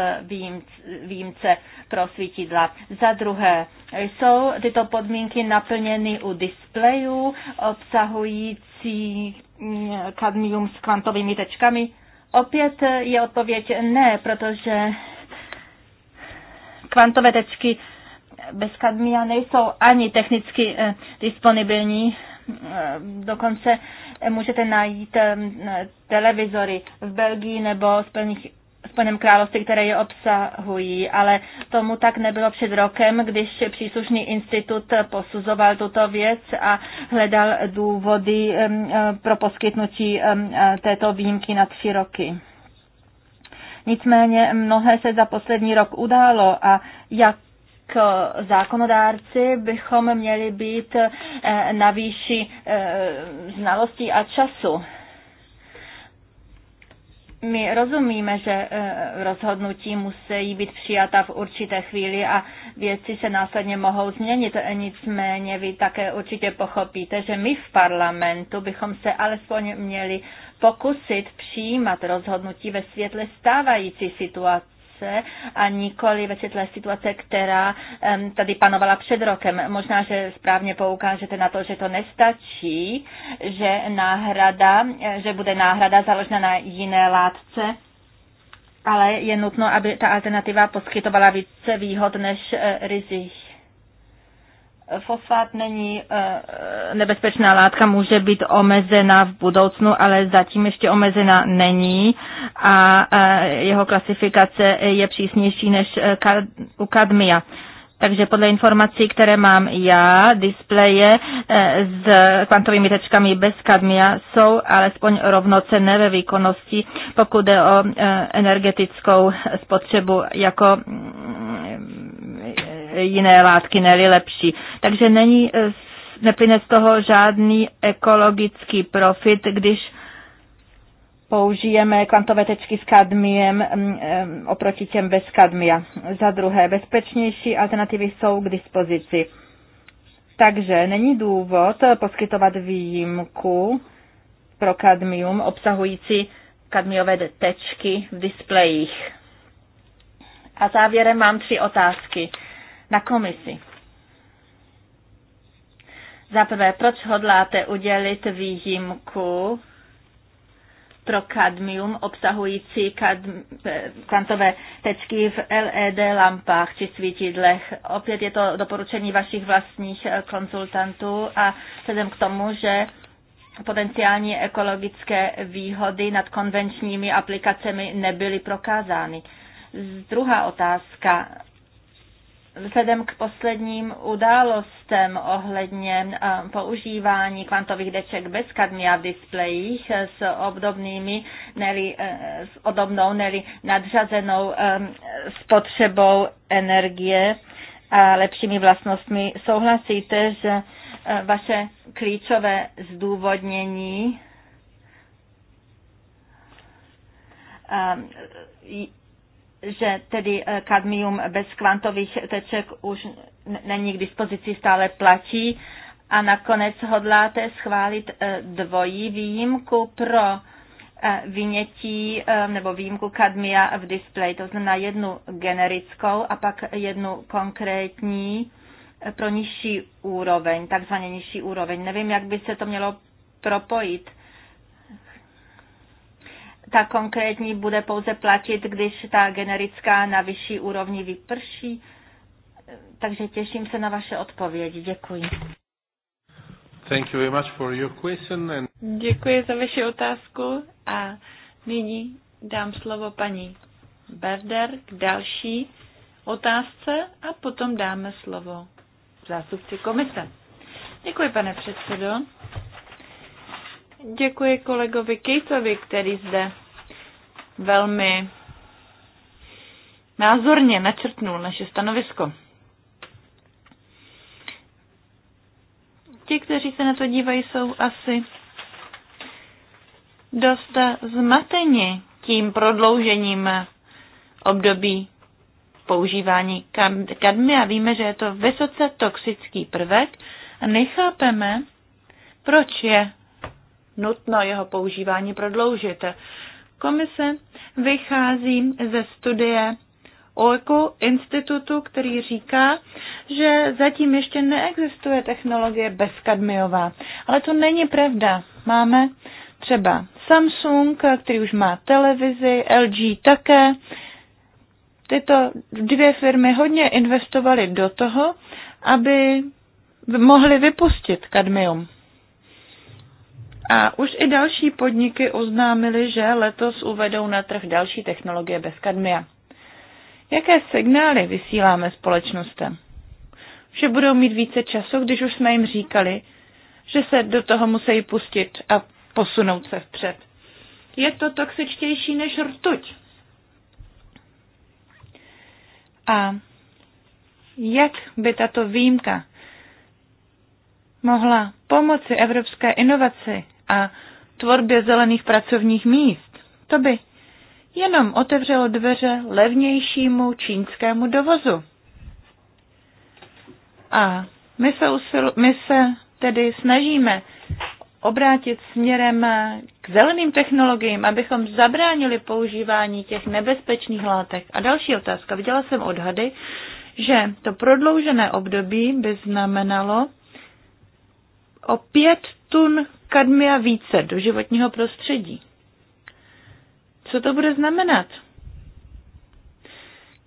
výjimce pro svítidla. Za druhé, jsou tyto podmínky naplněny u displejů obsahující mm, kadmium s kvantovými tečkami? Opět je odpověď ne, protože kvantové tečky bez kadmia nejsou ani technicky eh, disponibilní Eh, dokonce můžete najít eh, televizory v Belgii nebo Spojených Spojeném království, které je obsahují, ale tomu tak nebylo před rokem, když příslušný institut posuzoval tuto věc a hledal důvody eh, pro poskytnutí této výjimky na tři roky. Nicméně mnohé se za poslední rok událo a jak jako zákonodárci bychom měli být eh, na výši eh, znalostí a času. My rozumíme, že eh, rozhodnutí musí být přijata v určité chvíli a věci se následně mohou změnit. Nicméně vy také určitě pochopíte, že my v parlamentu bychom se alespoň měli pokusit přijímat rozhodnutí ve světle stávající situace situace a nikoli ve světle situace, která tady panovala před rokem. Možná, že správně poukážete na to, že to nestačí, že náhrada, e, že bude náhrada založena na jiné látce, ale je nutno, aby ta alternativa poskytovala více výhod než e, rizik Fosfát není eh, nebezpečná látka, může být omezena v budoucnu, ale zatím ještě omezena není a eh, jeho klasifikace je přísnější než eh, u kadmia. Takže podle informací, které mám já, displeje s kvantovými tečkami bez kadmia jsou alespoň rovnocenné ve výkonnosti, pokud jde o energetickou spotřebu jako mm, jiné látky, ne lepší. Takže není, eh, neplyne z toho žádný ekologický profit, když použijeme kvantové tečky s kadmiem mm, eh, oproti těm bez kadmia. Za druhé, bezpečnější alternativy jsou k dispozici. Takže není důvod poskytovat výjimku pro kadmium obsahující kadmiové tečky v displejích. A závěrem mám tři otázky na komisi. Za prvé, proč hodláte udělit výjimku pro kadmium obsahující kadm, kvantové tečky v LED lampách či svítidlech. Opět je to doporučení vašich vlastních konzultantů a vzhledem k tomu, že potenciální ekologické výhody nad konvenčními aplikacemi nebyly prokázány. Druhá otázka. Vzhledem k posledním událostem ohledně eh, používání kvantových deček bez kadmia v displejích s obdobnými, neli, eh, s obdobnou, neli nadřazenou eh, spotřebou energie a lepšími vlastnostmi, souhlasíte, že vaše klíčové zdůvodnění že tedy eh, kadmium bez kvantových teček už není k dispozici, stále platí. A nakonec hodláte schválit eh, dvojí výjimku pro eh, vynětí nebo výjimku kadmia v display, to znamená jednu generickou a pak jednu konkrétní pro nižší úroveň, takzvaně nižší úroveň. Nevím, jak by se to mělo propojit ta konkrétní bude pouze platit, když ta generická na vyšší úrovni vyprší. Takže těším se na vaše odpovědi. Děkuji. Thank you very much for your question and... Děkuji za vaši otázku a nyní dám slovo paní Berder k další otázce a potom dáme slovo zástupci komise. Děkuji, pane předsedo. Děkuji kolegovi Kejtovi, který zde velmi názorně načrtnul naše stanovisko. Ti, kteří se na to dívají, jsou asi dost zmateni tím prodloužením období používání kadmia. Víme, že je to vysoce toxický prvek a nechápeme, proč je nutno jeho používání prodloužit. Komise vychází ze studie OECO institutu, který říká, že zatím ještě neexistuje technologie bezkadmiová. Ale to není pravda. Máme třeba Samsung, který už má televizi, LG také. Tyto dvě firmy hodně investovaly do toho, aby mohly vypustit kadmium. A už i další podniky oznámily, že letos uvedou na trh další technologie bez kadmia. Jaké signály vysíláme společnostem? Že budou mít více času, když už jsme jim říkali, že se do toho musí pustit a posunout se vpřed. Je to toxičtější než rtuť. A jak by tato výjimka mohla pomoci evropské inovaci a tvorbě zelených pracovních míst. To by jenom otevřelo dveře levnějšímu čínskému dovozu. A my se, usil, my se tedy snažíme obrátit směrem k zeleným technologiím, abychom zabránili používání těch nebezpečných látek. A další otázka. Viděla jsem odhady, že to prodloužené období by znamenalo o 5 tun kadmia více do životního prostředí. Co to bude znamenat?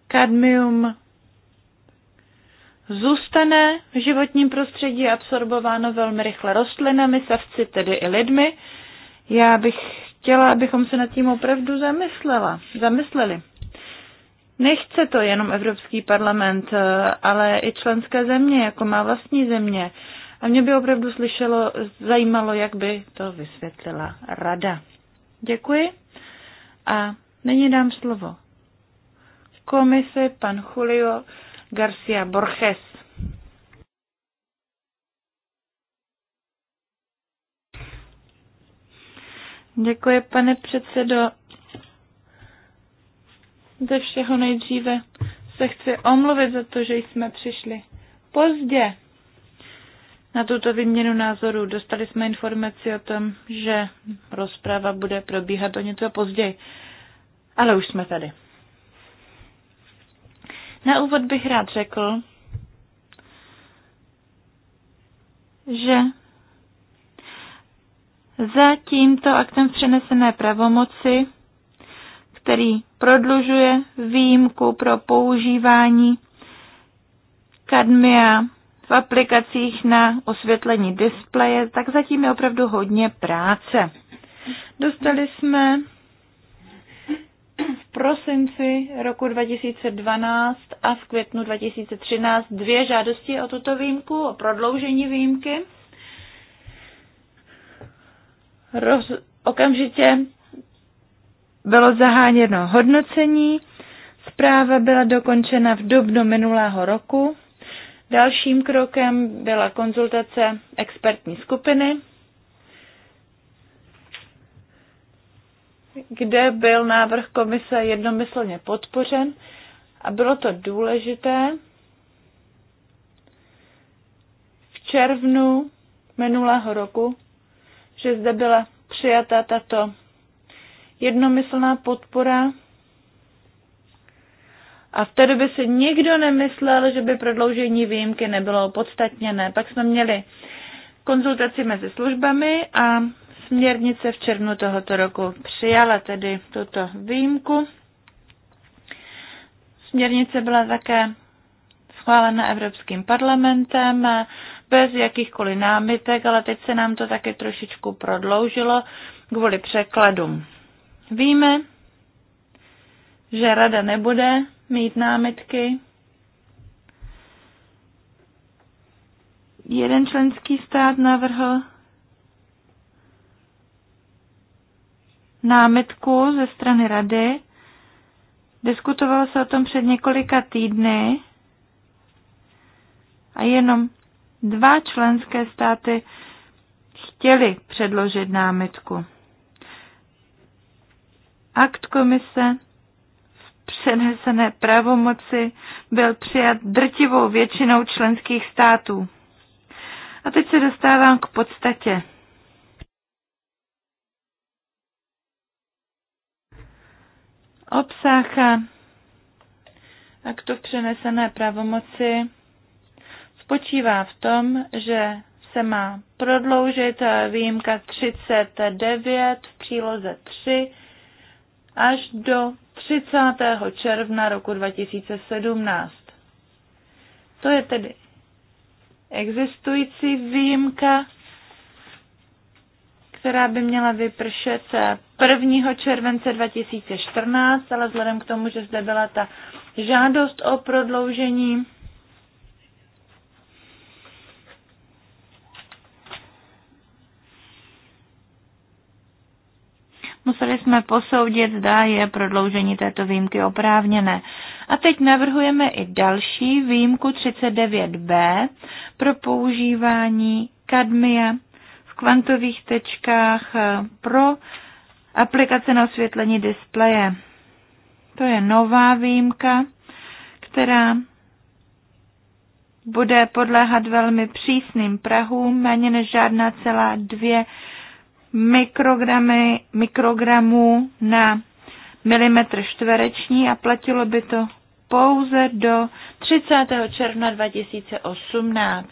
Kadmium zůstane v životním prostředí absorbováno velmi rychle rostlinami, savci, tedy i lidmi. Já bych chtěla, abychom se nad tím opravdu zamyslela, zamysleli. Nechce to jenom Evropský parlament, eh, ale i členské země, jako má vlastní země. A mě by opravdu slyšelo, zajímalo, jak by to vysvětlila rada. Děkuji. A nyní dám slovo Komise, pan Julio Garcia Borges. Děkuji, pane předsedo. Ze všeho nejdříve se chci omluvit za to, že jsme přišli pozdě na tuto výměnu názorů. Dostali jsme informaci o tom, že rozprava bude probíhat o něco později, ale už jsme tady. Na úvod bych rád řekl, že za tímto aktem přenesené pravomoci, který prodlužuje výjimku pro používání kadmia v aplikacích na osvětlení displeje, tak zatím je opravdu hodně práce. Dostali jsme v prosinci roku 2012 a v květnu 2013 dvě žádosti o tuto výjimku, o prodloužení výjimky. Roz, okamžitě bylo zaháněno hodnocení, zpráva byla dokončena v dubnu minulého roku Dalším krokem byla konzultace expertní skupiny, kde byl návrh komise jednomyslně podpořen a bylo to důležité. V červnu minulého roku, že zde byla přijata tato jednomyslná podpora a v té době si nikdo nemyslel, že by prodloužení výjimky nebylo podstatněné. Pak jsme měli konzultaci mezi službami a směrnice v červnu tohoto roku přijala tedy tuto výjimku. Směrnice byla také schválena Evropským parlamentem bez jakýchkoliv námitek, ale teď se nám to také trošičku prodloužilo kvůli překladům. Víme, že rada nebude mít námitky. Jeden členský stát navrhl námitku ze strany rady. Diskutovalo se o tom před několika týdny a jenom dva členské státy chtěli předložit námitku. Akt komise přenesené pravomoci byl přijat drtivou většinou členských států. A teď se dostávám k podstatě. Obsah aktu přenesené pravomoci spočívá v tom, že se má prodloužit výjimka 39 v příloze 3 až do 30. června roku 2017. To je tedy existující výjimka, která by měla vypršet 1. července 2014, ale vzhledem k tomu, že zde byla ta žádost o prodloužení Museli jsme posoudit, zda je prodloužení této výjimky oprávněné. A teď navrhujeme i další výjimku 39b pro používání kadmia v kvantových tečkách eh, pro aplikace na osvětlení displeje. To je nová výjimka, která bude podléhat velmi přísným Prahům, méně než žádná celá dvě mikrogramy, mikrogramů na milimetr čtvereční a platilo by to pouze do 30. června 2018.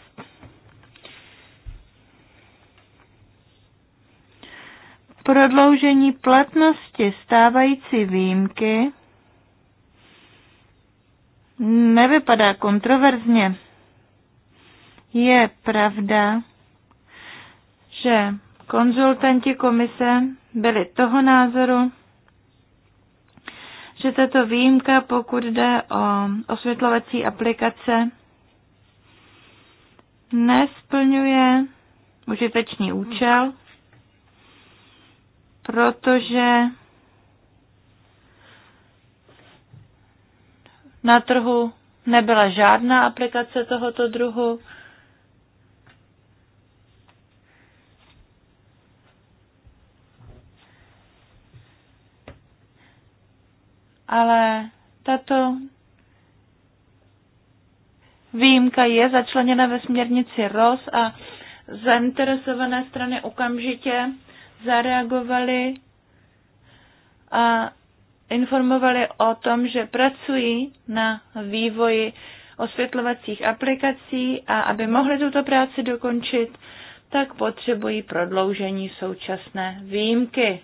Prodloužení platnosti stávající výjimky nevypadá kontroverzně. Je pravda, že Konzultanti komise byli toho názoru, že tato výjimka, pokud jde o osvětlovací aplikace, nesplňuje užitečný účel, protože na trhu nebyla žádná aplikace tohoto druhu ale tato výjimka je začleněna ve směrnici ROS a zainteresované strany okamžitě zareagovaly a informovali o tom, že pracují na vývoji osvětlovacích aplikací a aby mohli tuto práci dokončit, tak potřebují prodloužení současné výjimky.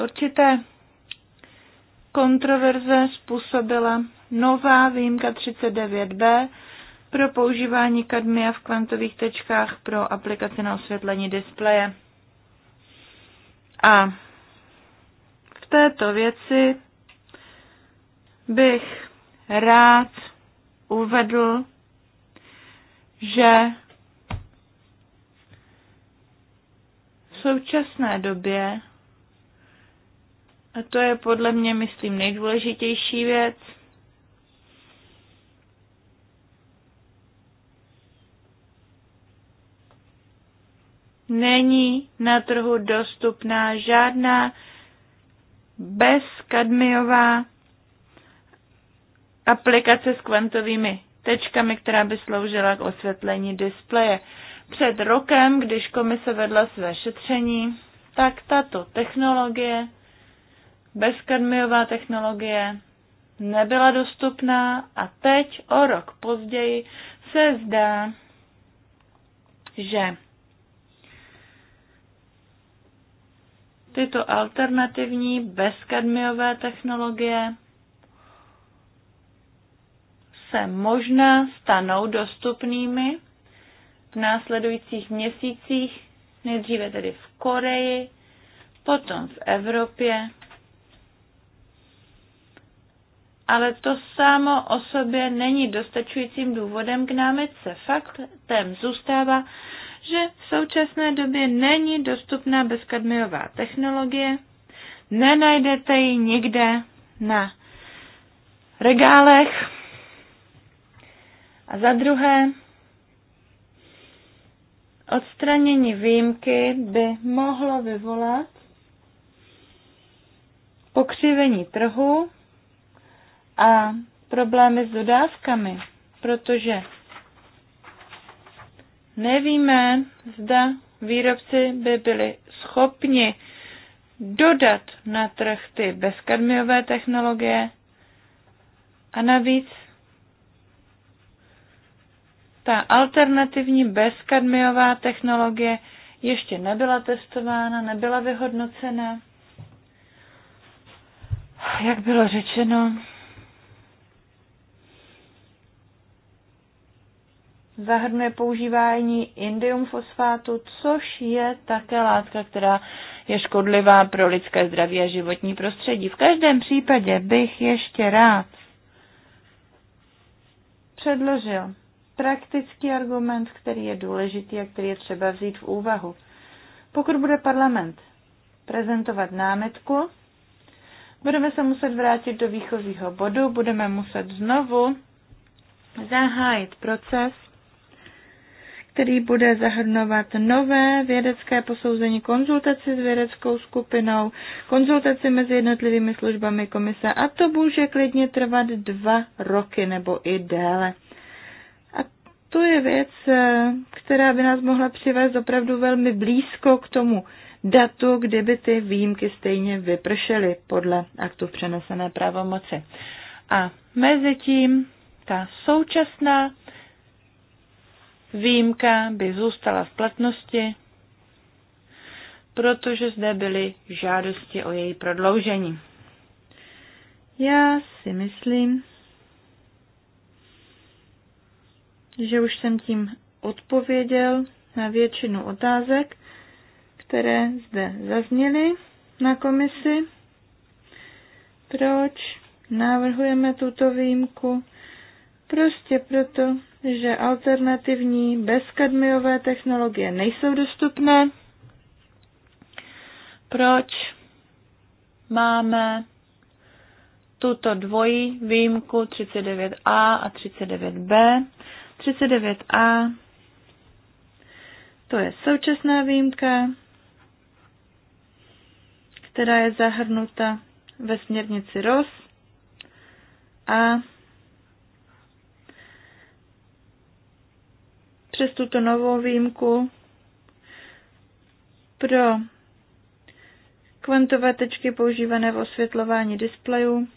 Určité kontroverze způsobila nová výjimka 39b pro používání kadmia v kvantových tečkách pro aplikaci na osvětlení displeje. A v této věci bych rád uvedl, že v současné době a to je podle mě, myslím, nejdůležitější věc. Není na trhu dostupná žádná bezkadmiová aplikace s kvantovými tečkami, která by sloužila k osvětlení displeje. Před rokem, když komise vedla své šetření, tak tato technologie bezkadmiová technologie nebyla dostupná a teď o rok později se zdá, že tyto alternativní bezkadmiové technologie se možná stanou dostupnými v následujících měsících, nejdříve tedy v Koreji, potom v Evropě ale to samo o sobě není dostačujícím důvodem k námitce. Faktem zůstává, že v současné době není dostupná bezkadmiová technologie, nenajdete ji nikde na regálech. A za druhé, odstranění výjimky by mohlo vyvolat pokřivení trhu a problémy s dodávkami, protože nevíme, zda výrobci by byli schopni dodat na trh ty bezkadmiové technologie a navíc ta alternativní bezkadmiová technologie ještě nebyla testována, nebyla vyhodnocena. Jak bylo řečeno, zahrnuje používání indium fosfátu, což je také látka, která je škodlivá pro lidské zdraví a životní prostředí. V každém případě bych ještě rád předložil praktický argument, který je důležitý a který je třeba vzít v úvahu. Pokud bude parlament prezentovat námitku, budeme se muset vrátit do výchozího bodu, budeme muset znovu zahájit proces který bude zahrnovat nové vědecké posouzení, konzultaci s vědeckou skupinou, konzultaci mezi jednotlivými službami komise a to může klidně trvat dva roky nebo i déle. A to je věc, eh, která by nás mohla přivést opravdu velmi blízko k tomu datu, kdyby ty výjimky stejně vypršely podle aktu přenesené pravomoci. A mezi tím ta současná výjimka by zůstala v platnosti, protože zde byly žádosti o její prodloužení. Já si myslím, že už jsem tím odpověděl na většinu otázek, které zde zazněly na komisi. Proč navrhujeme tuto výjimku? Prostě proto, že alternativní bezkadmiové technologie nejsou dostupné. Proč máme tuto dvojí výjimku 39A a 39B? 39A to je současná výjimka, která je zahrnuta ve směrnici ROS a přes tuto novou výjimku pro kvantové tečky používané v osvětlování displejů.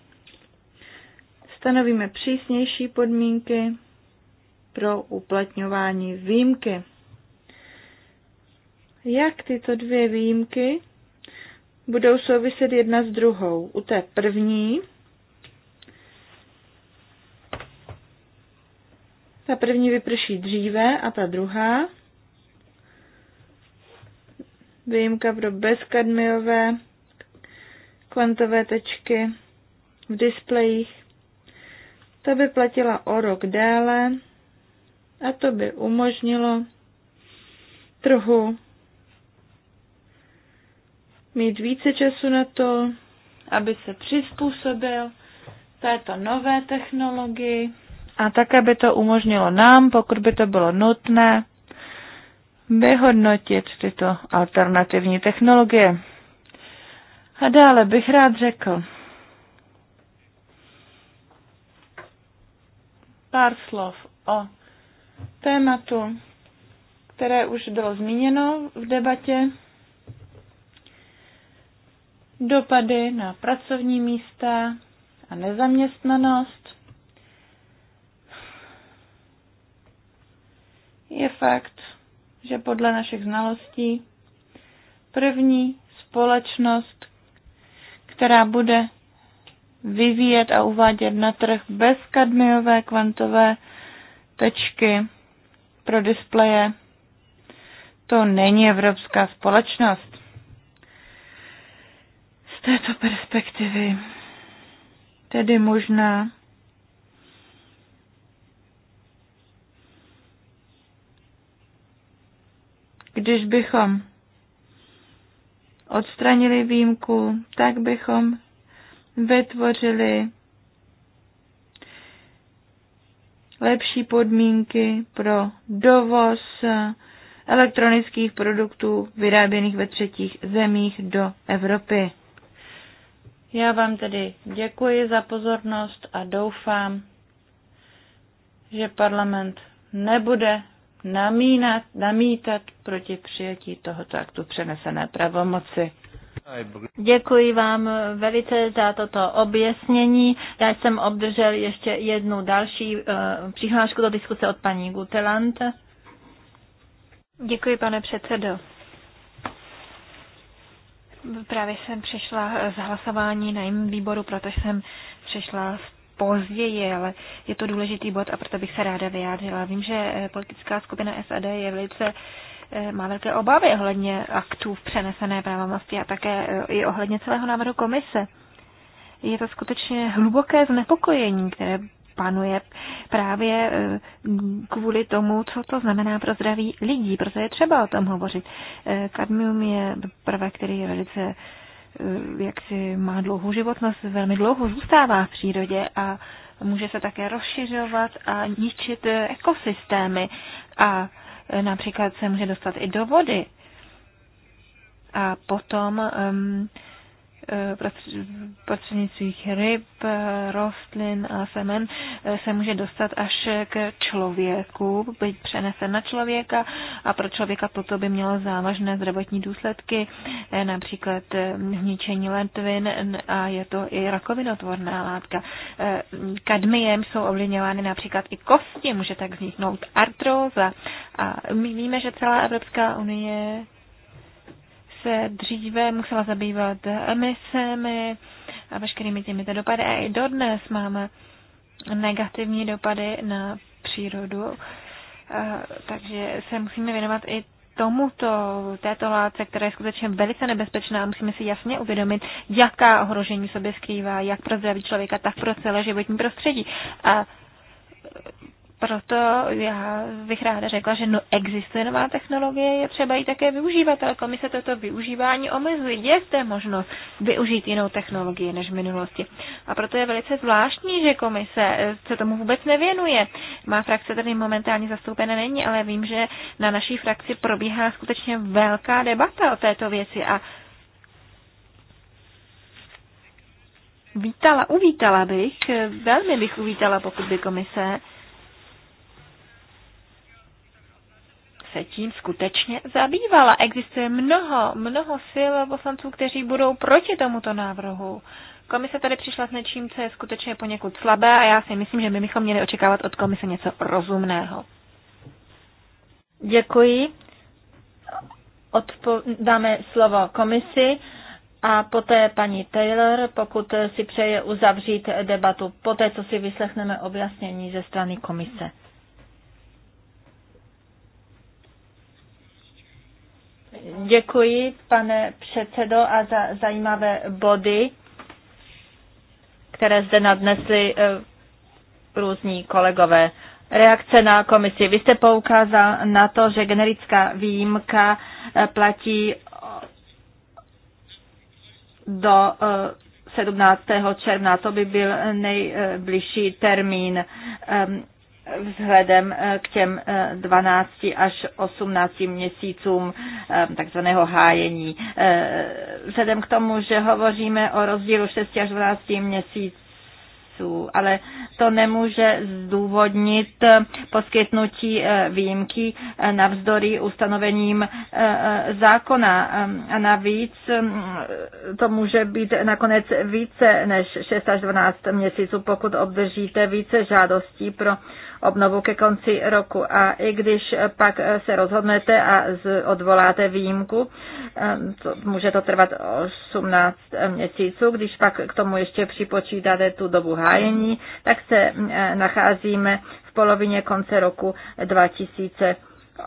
Stanovíme přísnější podmínky pro uplatňování výjimky. Jak tyto dvě výjimky budou souviset jedna s druhou? U té první Ta první vyprší dříve a ta druhá. Výjimka pro bezkadmiové kvantové tečky v displejích. Ta by platila o rok déle a to by umožnilo trhu mít více času na to, aby se přizpůsobil této nové technologii a také by to umožnilo nám, pokud by to bylo nutné, vyhodnotit tyto alternativní technologie. A dále bych rád řekl pár slov o tématu, které už bylo zmíněno v debatě. Dopady na pracovní místa a nezaměstnanost. je fakt, že podle našich znalostí první společnost, která bude vyvíjet a uvádět na trh bezkadmiové kvantové tečky pro displeje, to není evropská společnost. Z této perspektivy tedy možná Když bychom odstranili výjimku, tak bychom vytvořili lepší podmínky pro dovoz elektronických produktů vyráběných ve třetích zemích do Evropy. Já vám tedy děkuji za pozornost a doufám, že parlament nebude namínat, namítat proti přijetí tohoto aktu přenesené pravomoci. Děkuji vám velice za toto objasnění. Já jsem obdržel ještě jednu další uh, přihlášku do diskuse od paní Gutelant. Děkuji, pane předsedo. Právě jsem přešla z hlasování na jim výboru, protože jsem přešla. z později, ale je to důležitý bod a proto bych se ráda vyjádřila. Vím, že eh, politická skupina SAD je velice eh, má velké obavy ohledně aktů v přenesené právomosti a také eh, i ohledně celého návrhu komise. Je to skutečně hluboké znepokojení, které panuje právě kvůli tomu, co to znamená pro zdraví lidí. Proto je třeba o tom hovořit. Kadmium je prvek, který je velice Eh, jak si má dlouhou životnost, velmi dlouho zůstává v přírodě a může se také rozšiřovat a ničit eh, ekosystémy a eh, například se může dostat i do vody. A potom um, prostřednictvích ryb, rostlin a semen eh, se může dostat až k člověku, být přenesen na člověka a pro člověka toto by mělo závažné zdravotní důsledky, eh, například eh, zničení lentvin a je to i rakovinotvorná látka. Kadmiem jsou ovlivňovány například i kosti, může tak vzniknout artróza. A my víme, že celá Evropská unie se dříve musela zabývat emisemi a veškerými těmito dopady. A i dodnes máme negativní dopady na přírodu, takže se musíme věnovat i tomuto, této látce, která je skutečně velice nebezpečná musíme si jasně uvědomit, jaká ohrožení sobě skrývá, jak pro zdraví člověka, tak pro celé životní prostředí. A proto já bych ráda řekla, že no, existuje nová technologie, je třeba ji také využívat, ale komise toto využívání omezuje. Je zde možnost využít jinou technologii než v minulosti. A proto je velice zvláštní, že komise se tomu vůbec nevěnuje. Má frakce tady momentálně zastoupena není, ale vím, že na naší frakci probíhá skutečně velká debata o této věci a Vítala, uvítala bych, velmi bych uvítala, pokud by komise se tím skutečně zabývala. Existuje mnoho, mnoho sil poslanců, kteří budou proti tomuto návrhu. Komise tady přišla s něčím, co je skutečně poněkud slabé a já si myslím, že my bychom měli očekávat od komise něco rozumného. Děkuji. Odpo- dáme slovo komisi a poté paní Taylor, pokud si přeje uzavřít debatu, poté co si vyslechneme objasnění ze strany komise. Děkuji, pane předsedo, a za zajímavé body, které zde nadnesli eh, různí kolegové. Reakce na komisi. Vy jste poukázal na to, že generická výjimka eh, platí do 17. Eh, června. To by byl nejbližší termín ehm, vzhledem eh, k těm 12 eh, až 18 měsícům eh, takzvaného hájení. Vzhledem k tomu, že hovoříme o rozdílu 6 až 12 měsíců, ale to nemůže zdůvodnit poskytnutí výjimky navzdory ustanovením zákona. A navíc mm, to může být nakonec více než 6 až 12 měsíců, pokud obdržíte více žádostí pro obnovu ke konci roku. A i když pak se rozhodnete a odvoláte výjimku, ehm, to, může to trvat 18 měsíců, když pak k tomu ještě připočítáte tu dobu hájení, tak se ehm, nacházíme v polovině konce roku 2000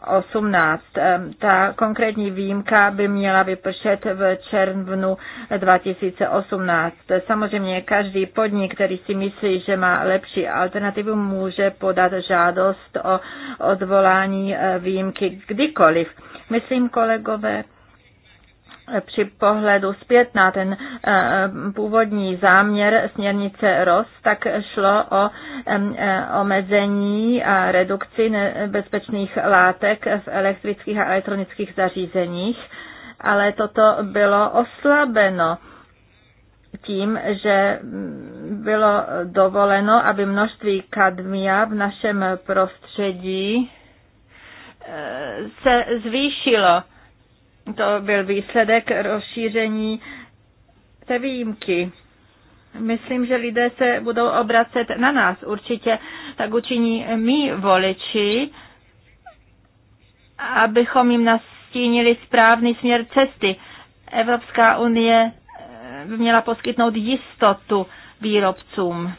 18. Ta konkrétní výjimka by měla vypršet v červnu 2018. Samozřejmě každý podnik, který si myslí, že má lepší alternativu, může podat žádost o odvolání eh, výjimky kdykoliv. Myslím, kolegové, při pohledu zpět na ten eh, původní záměr směrnice ROS, tak šlo o eh, omezení a redukci nebezpečných látek v elektrických a elektronických zařízeních, ale toto bylo oslabeno tím, že bylo dovoleno, aby množství kadmia v našem prostředí eh, se zvýšilo to byl výsledek rozšíření té výjimky. Myslím, že lidé se budou obracet na nás. Určitě tak učiní mý voliči, abychom jim nastínili správný směr cesty. Evropská unie eh, by měla poskytnout jistotu výrobcům.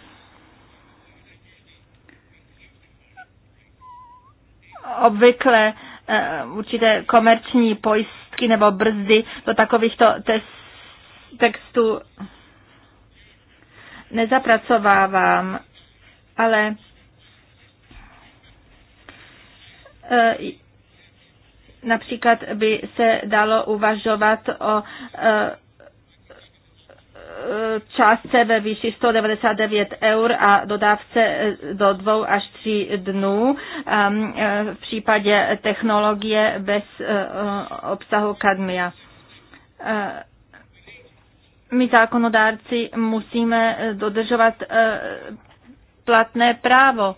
Obvykle eh, určité komerční pojistky páky nebo brzdy do takovýchto textů nezapracovávám, ale eh, například by se dalo uvažovat o eh, částce ve výši 199 eur a dodávce e, do dvou až tří dnů ehm, e, v případě technologie bez e, obsahu kadmia. My zákonodárci musíme dodržovat platné právo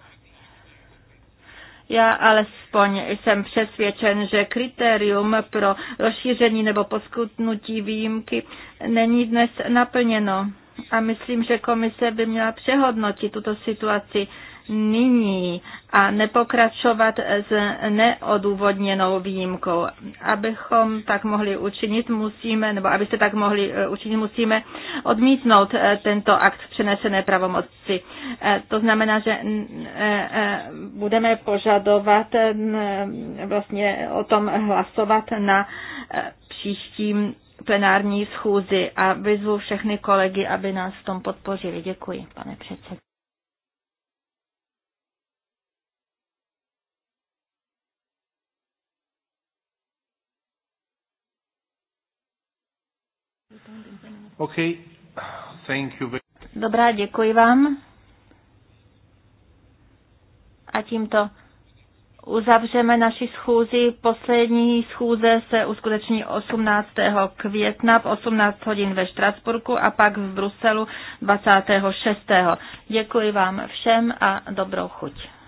já alespoň jsem přesvědčen, že kritérium pro rozšíření nebo poskutnutí výjimky není dnes naplněno. A myslím, že komise by měla přehodnotit tuto situaci nyní a nepokračovat s neodůvodněnou výjimkou. Abychom tak mohli učinit, musíme, nebo abyste tak mohli eh, učinit, musíme odmítnout eh, tento akt přenesené pravomoci. Eh, to znamená, že mm, budeme požadovat mm, vlastně o tom hlasovat na příštím plenární schůzi a vyzvu všechny kolegy, aby nás v tom podpořili. Děkuji, pane předsedo. Okay. Thank you. Dobrá, děkuji vám. A tímto uzavřeme naši schůzi. Poslední schůze se uskuteční 18. května v 18 hodin ve Štrasburku a pak v Bruselu 26. Děkuji vám všem a dobrou chuť.